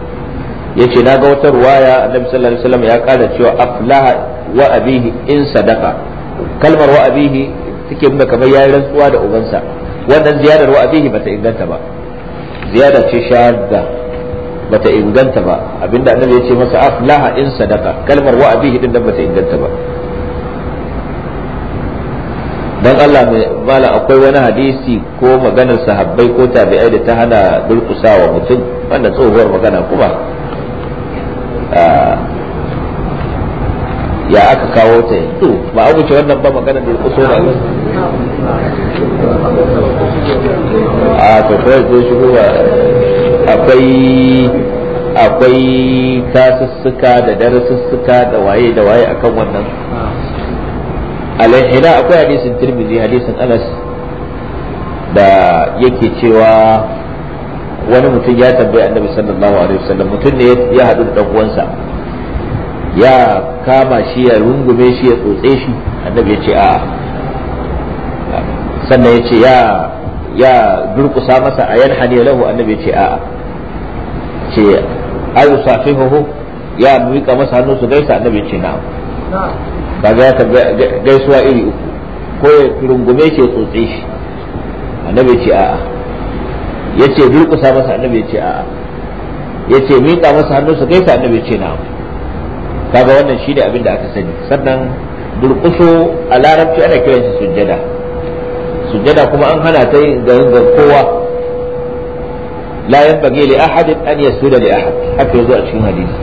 Speaker 2: yace na ga wata ruwaya annabi sallallahu alaihi wasallam ya kada cewa aflaha wa abihi in sadaka kalmar wa abihi take nuna kamar yayi rantsuwa da ubansa wannan ziyadar wa abihi bata inganta ba ziyadar ce shadda bata inganta ba abinda annabi ya ce masa aflaha in sadaka kalmar wa abihi din nan bata inganta ba dan Allah mai mala akwai wani hadisi ko maganar sahabbai ko tabi'ai da ta hana durkusawa mutum wanda tsohuwar magana kuma ya aka kawo ta yanzu ba a wuce wannan ba magana da kuso da a to kawai zai shigo ba akwai akwai kasussuka da darasussuka da waye da waye akan wannan alaihina akwai hadisin tirmidhi hadisin anas da yake cewa wani mutum ya tambayi annabi sallallahu alaihi wasallam mutum ne ya haɗu da uwansa ya kama shi ya rungume shi ya tsotse shi annabi ya ce a sannan ya ce ya ya durkusa masa a yan hane lahu annabi ya ce a ce ayu hoho ya miƙa masa hannu su gaisa annabi ya ce na ba kaga ya gaisuwa iri uku ko ya rungume shi ya tsotse shi annabi ya ce a'a yace durƙusa masa annabi ya ce a ya yace miƙa masa hannu su gaisa annabi ya yace na'am kaga wannan ne abin da aka sani sannan durƙuso a larabci ana kiran shi sujjada sujjada kuma an hana ta yin ga kowa la yanbaghi li ahadin an yasuda li ahad haka yazo a cikin hadisi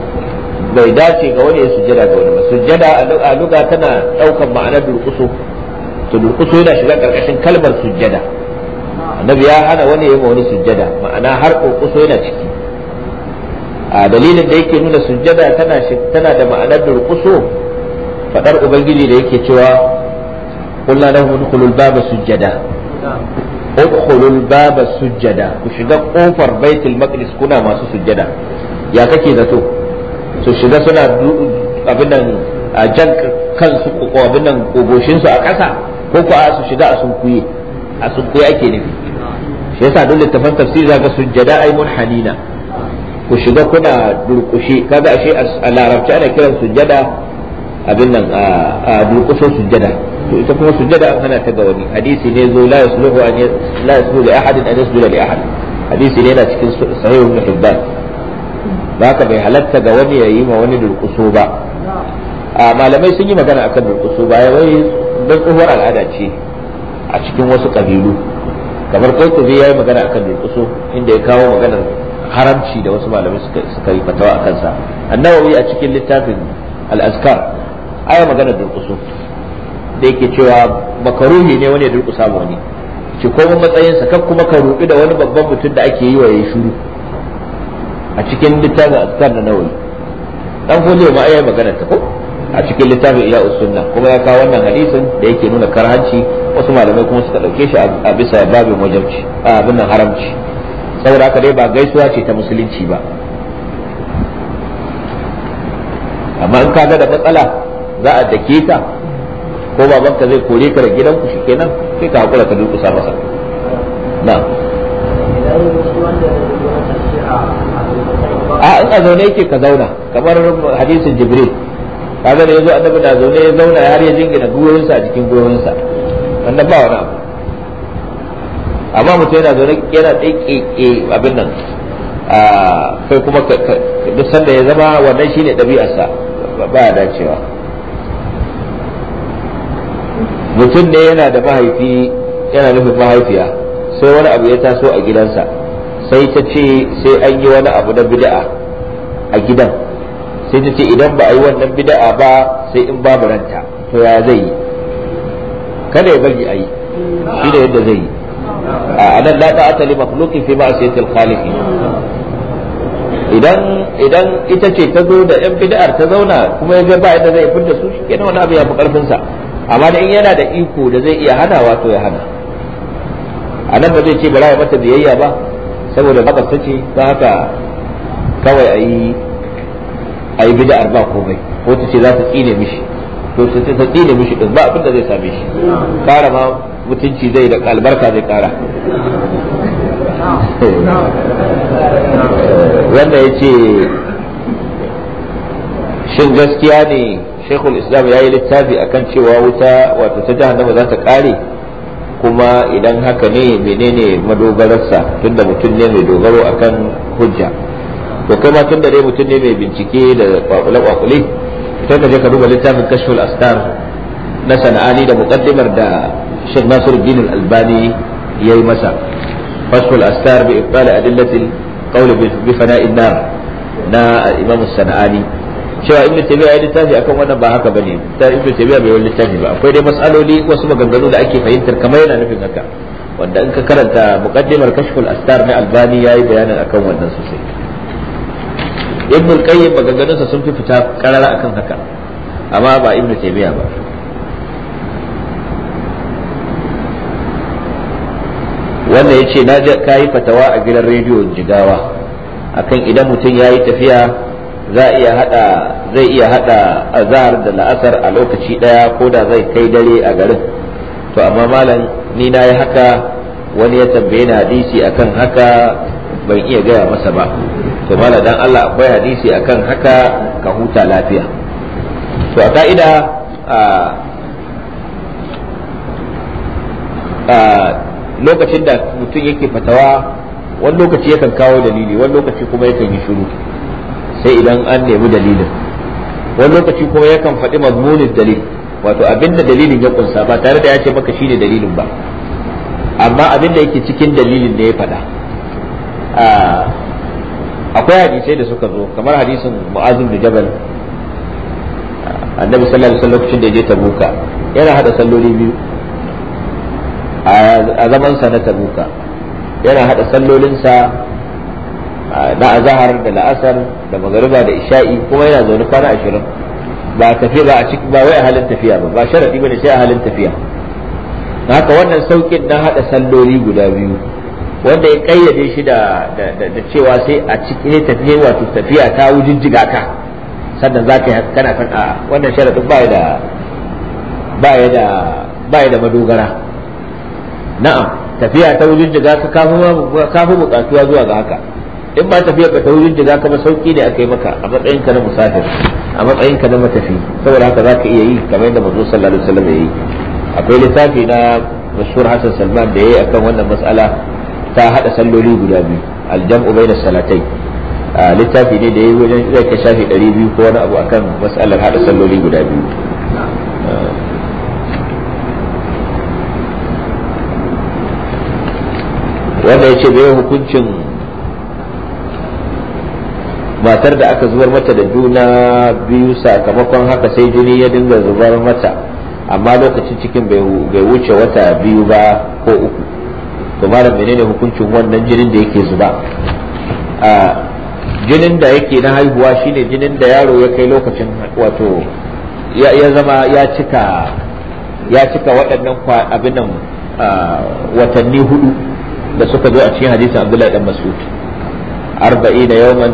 Speaker 2: bai dace ga wani ya sujjada ga wani ba sujjada a luga tana daukan ma'anar durƙuso to durƙuso yana shiga karkashin kalmar sujjada annabi ya hana wani ya yayin wani sujjada ma'ana har kokuso yana ciki a dalilin da yake nuna sujjada tana da ma'anar rukuso faɗar ubangiji da yake cewa na hudu udkhulul baba sujjada udkhulul baba sujjada ku shiga kofar baitul maqdis kuna masu sujjada ya kake zato su shiga suna abin nan a jan kansu abin nan goshin su a ƙasa ko ku a su shiga a sunkuye a sunkuye ake nufi shi yasa duk littafan tafsir zaka sujjada ay munhanina ku shiga kuna durkushe kaga ashe a larabci ana kiran sujjada abin nan a durkushin sujjada to ita kuma sujjada an hana ta ga wani hadisi ne zo la yasluhu an la yasluhu li ahadin an yasjuda li ahad hadisi ne yana cikin sahih ibn hibban ka bai halatta ga wani yayi ma wani durkuso ba malamai sun yi magana akan durkuso ba wai dan tsohuwar al'ada ce a cikin wasu kabilu kamar kurtubi ya yi magana akan durkuso inda ya kawo maganar haramci da wasu malamai suka yi fatawa a kansa annawawi a cikin littafin al-azkar aya magana durkuso da yake cewa makaruhi ne wani ya durkusa ma wani ce ko matsayinsa kan kuma ka rubi da wani babban mutum da ake yi wa yayi shuru a cikin littafin azkar na nawawi dan foliyo ma aya maganar ta ko a cikin littafin iya sunna kuma ya kawo wannan hadisin da yake nuna karhanci wasu malamai kuma suka dauke shi a bisa babin wajabci a abin haramci saboda haka dai ba gaisuwa ce ta musulunci ba amma in ka ga da matsala za a dake ta ko babanka zai kore ka da gidanku kenan sai ka hakura ka durkusa masa na a in a zaune yake ka zauna kamar hadisin jibril kaga da yazo annabi na zaune ya zauna har ya jingina gurin sa a jikin gurin sa wannan ba wani abu amma mutum yana zaune yana dai keke abin nan a kai kuma duk sanda ya zama wannan shine ɗabi'arsa ba ya dacewa mutum ne yana da mahaifi yana nufin mahaifiya sai wani abu ya taso a gidansa sai ta ce sai an yi wani abu na bid'a a gidan sai ta ce idan ba a yi wannan bida'a ba sai in babu ranta to ya zai yi kada ya bari a yi shi da yadda zai yi a anan la ta'ata li makhluqin fi ma'siyati al-khaliq idan idan ita ce ta zo da yan bid'ar ta zauna kuma ya ga ba yadda zai fitar da su kenan wani abu ya fi karfin sa amma da in yana da iko da zai iya hana wato ya hana anan ba zai ce bara ya mata biyayya ba saboda gabas ta ba haka kawai a yi a yi bida'ar ba komai ko ta ce za ta tsine mishi to su ce ta tsine mishi din ba abin da zai same shi kara ma mutunci zai da albarka zai kara wanda ya ce shin gaskiya ne shekul islam ya yi littafi akan cewa wuta wato ta jahannama za ta kare kuma idan haka ne menene madogararsa tunda mutum ne mai dogaro akan hujja to kai ma tun da dai mutum ne mai bincike da kwakule kwakule sai ka je ka duba littafin kashful astar na sana'ani da muqaddimar da Sheikh Nasiruddin Al-Albani yayi masa kashful astar bi ibtal adillatil qawl bi fana'in nar na Imam Sana'ani cewa ibnu tabi'a ya littafi akan wannan ba haka bane ta ibnu tabi'a bai wani littafi ba akwai dai masaloli wasu maganganu da ake fahimtar kamar yana nufin haka wanda in ka karanta muqaddimar kashful astar na albani yayi bayanin akan wannan sosai ibn al-qayyim sa sun fi fita karara akan haka amma ba ibn taymiya ba wanda ya ce na ka yi fatawa a gidan rediyo jigawa akan idan mutum yayi tafiya za iya hada zai iya hada azhar da la'asar a lokaci daya ko da zai kai dare a garin to amma malam ni na yi haka wani ya tambaye na hadisi akan haka ban iya gaya masa ba to mala dan Allah akwai hadisi akan haka ka huta lafiya to a ka'ida a lokacin da mutum yake fatawa wani lokaci yakan kawo dalili wani lokaci kuma yakan yi shiru sai idan an nemi dalilin wani lokaci kuma yakan faɗi mazmunin dalil wato abinda dalilin ya kunsa ba tare da ya ce maka shine dalilin ba amma abinda yake cikin dalilin ne ya faɗa akwai hadisai da suka zo kamar hadisin mu'azim da jabal annabi sallallahu alaihi wasallam lokacin da ya je tabuka yana hada salloli biyu a zaman sa na tabuka yana hada sallolin sa na azahar da la'asar da magariba da isha'i kuma yana zaune kwana ashirin ba tafiya ba a cikin ba wai a halin tafiya ba ba sharadi bane sai a halin tafiya haka wannan saukin na hada salloli guda biyu wanda ya kayyade shi da cewa sai a cikin tafiye wato tafiya ta wujin ka sannan za ka kana kan a wannan sharaɗin baya da baya da baya da madogara na'am tafiya ta wujijjiga ka kafi bukatuwa zuwa ga haka in ba tafiya ka ta wujin ka ba sauki ne aka yi maka a matsayin ka na musafir a matsayin ka na matafi saboda haka za ka iya yi kamar yadda manzo sallallahu alaihi wasallam ya yi akwai littafi na mashhur Hassan Salman da yayi akan wannan mas'ala ta hada salloli guda biyu aljam'u bayna salatai littafi ne da yayi wajen zai ka shafi 200 ko wani abu akan matsalar hada salloli guda biyu wanda ya yace bai hukuncin matar da aka zubar mata da juna biyu sakamakon haka sai jini ya dinga zubar mata amma lokacin cikin bai wuce wata biyu ba ko uku to malam menene hukuncin wannan jinin da yake zuba a jinin da yake na haihuwa shine jinin da yaro ya kai lokacin wato ya zama ya cika ya cika waɗannan abinan watanni hudu da suka zo a cikin hadisin abdullahi dan mas'ud arba'ina yawman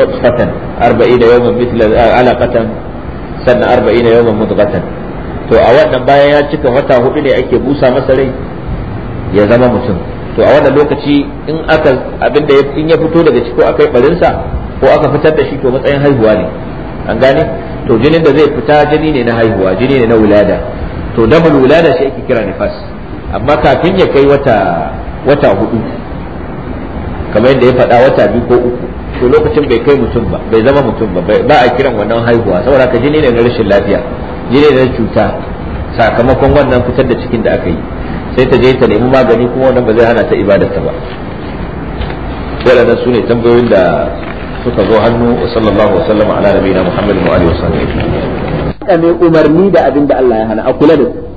Speaker 2: nutfatan da yawman mithla alaqatan sannan arba'ina yawman mudghatan to a wannan bayan ya cika wata hudu ne ake busa masa rai ya zama mutum to a wannan lokaci in aka abin da in ya fito daga ciki aka yi sa ko aka fitar da shi to matsayin haihuwa ne an gane to jinin da zai fita jini ne na haihuwa jini ne na wulada to damul wulada shi ake kira nifas amma kafin ya kai wata wata hudu kamar yadda ya faɗa wata biyu ko uku to lokacin bai kai mutum ba bai zama mutum ba ba a kiran wannan haihuwa saboda ka jini ne na rashin lafiya jini ne na cuta sakamakon wannan fitar da cikin da aka yi sai ta je ta nemi magani kuma wannan ba zai hana ta ibadarta ba waɗannan su ne tambayoyin da suka zo hannu wa sallallahu wa sallama ala nabiyina muhammadin wa alihi wa sahbihi umarni da abin da Allah ya hana a kula da su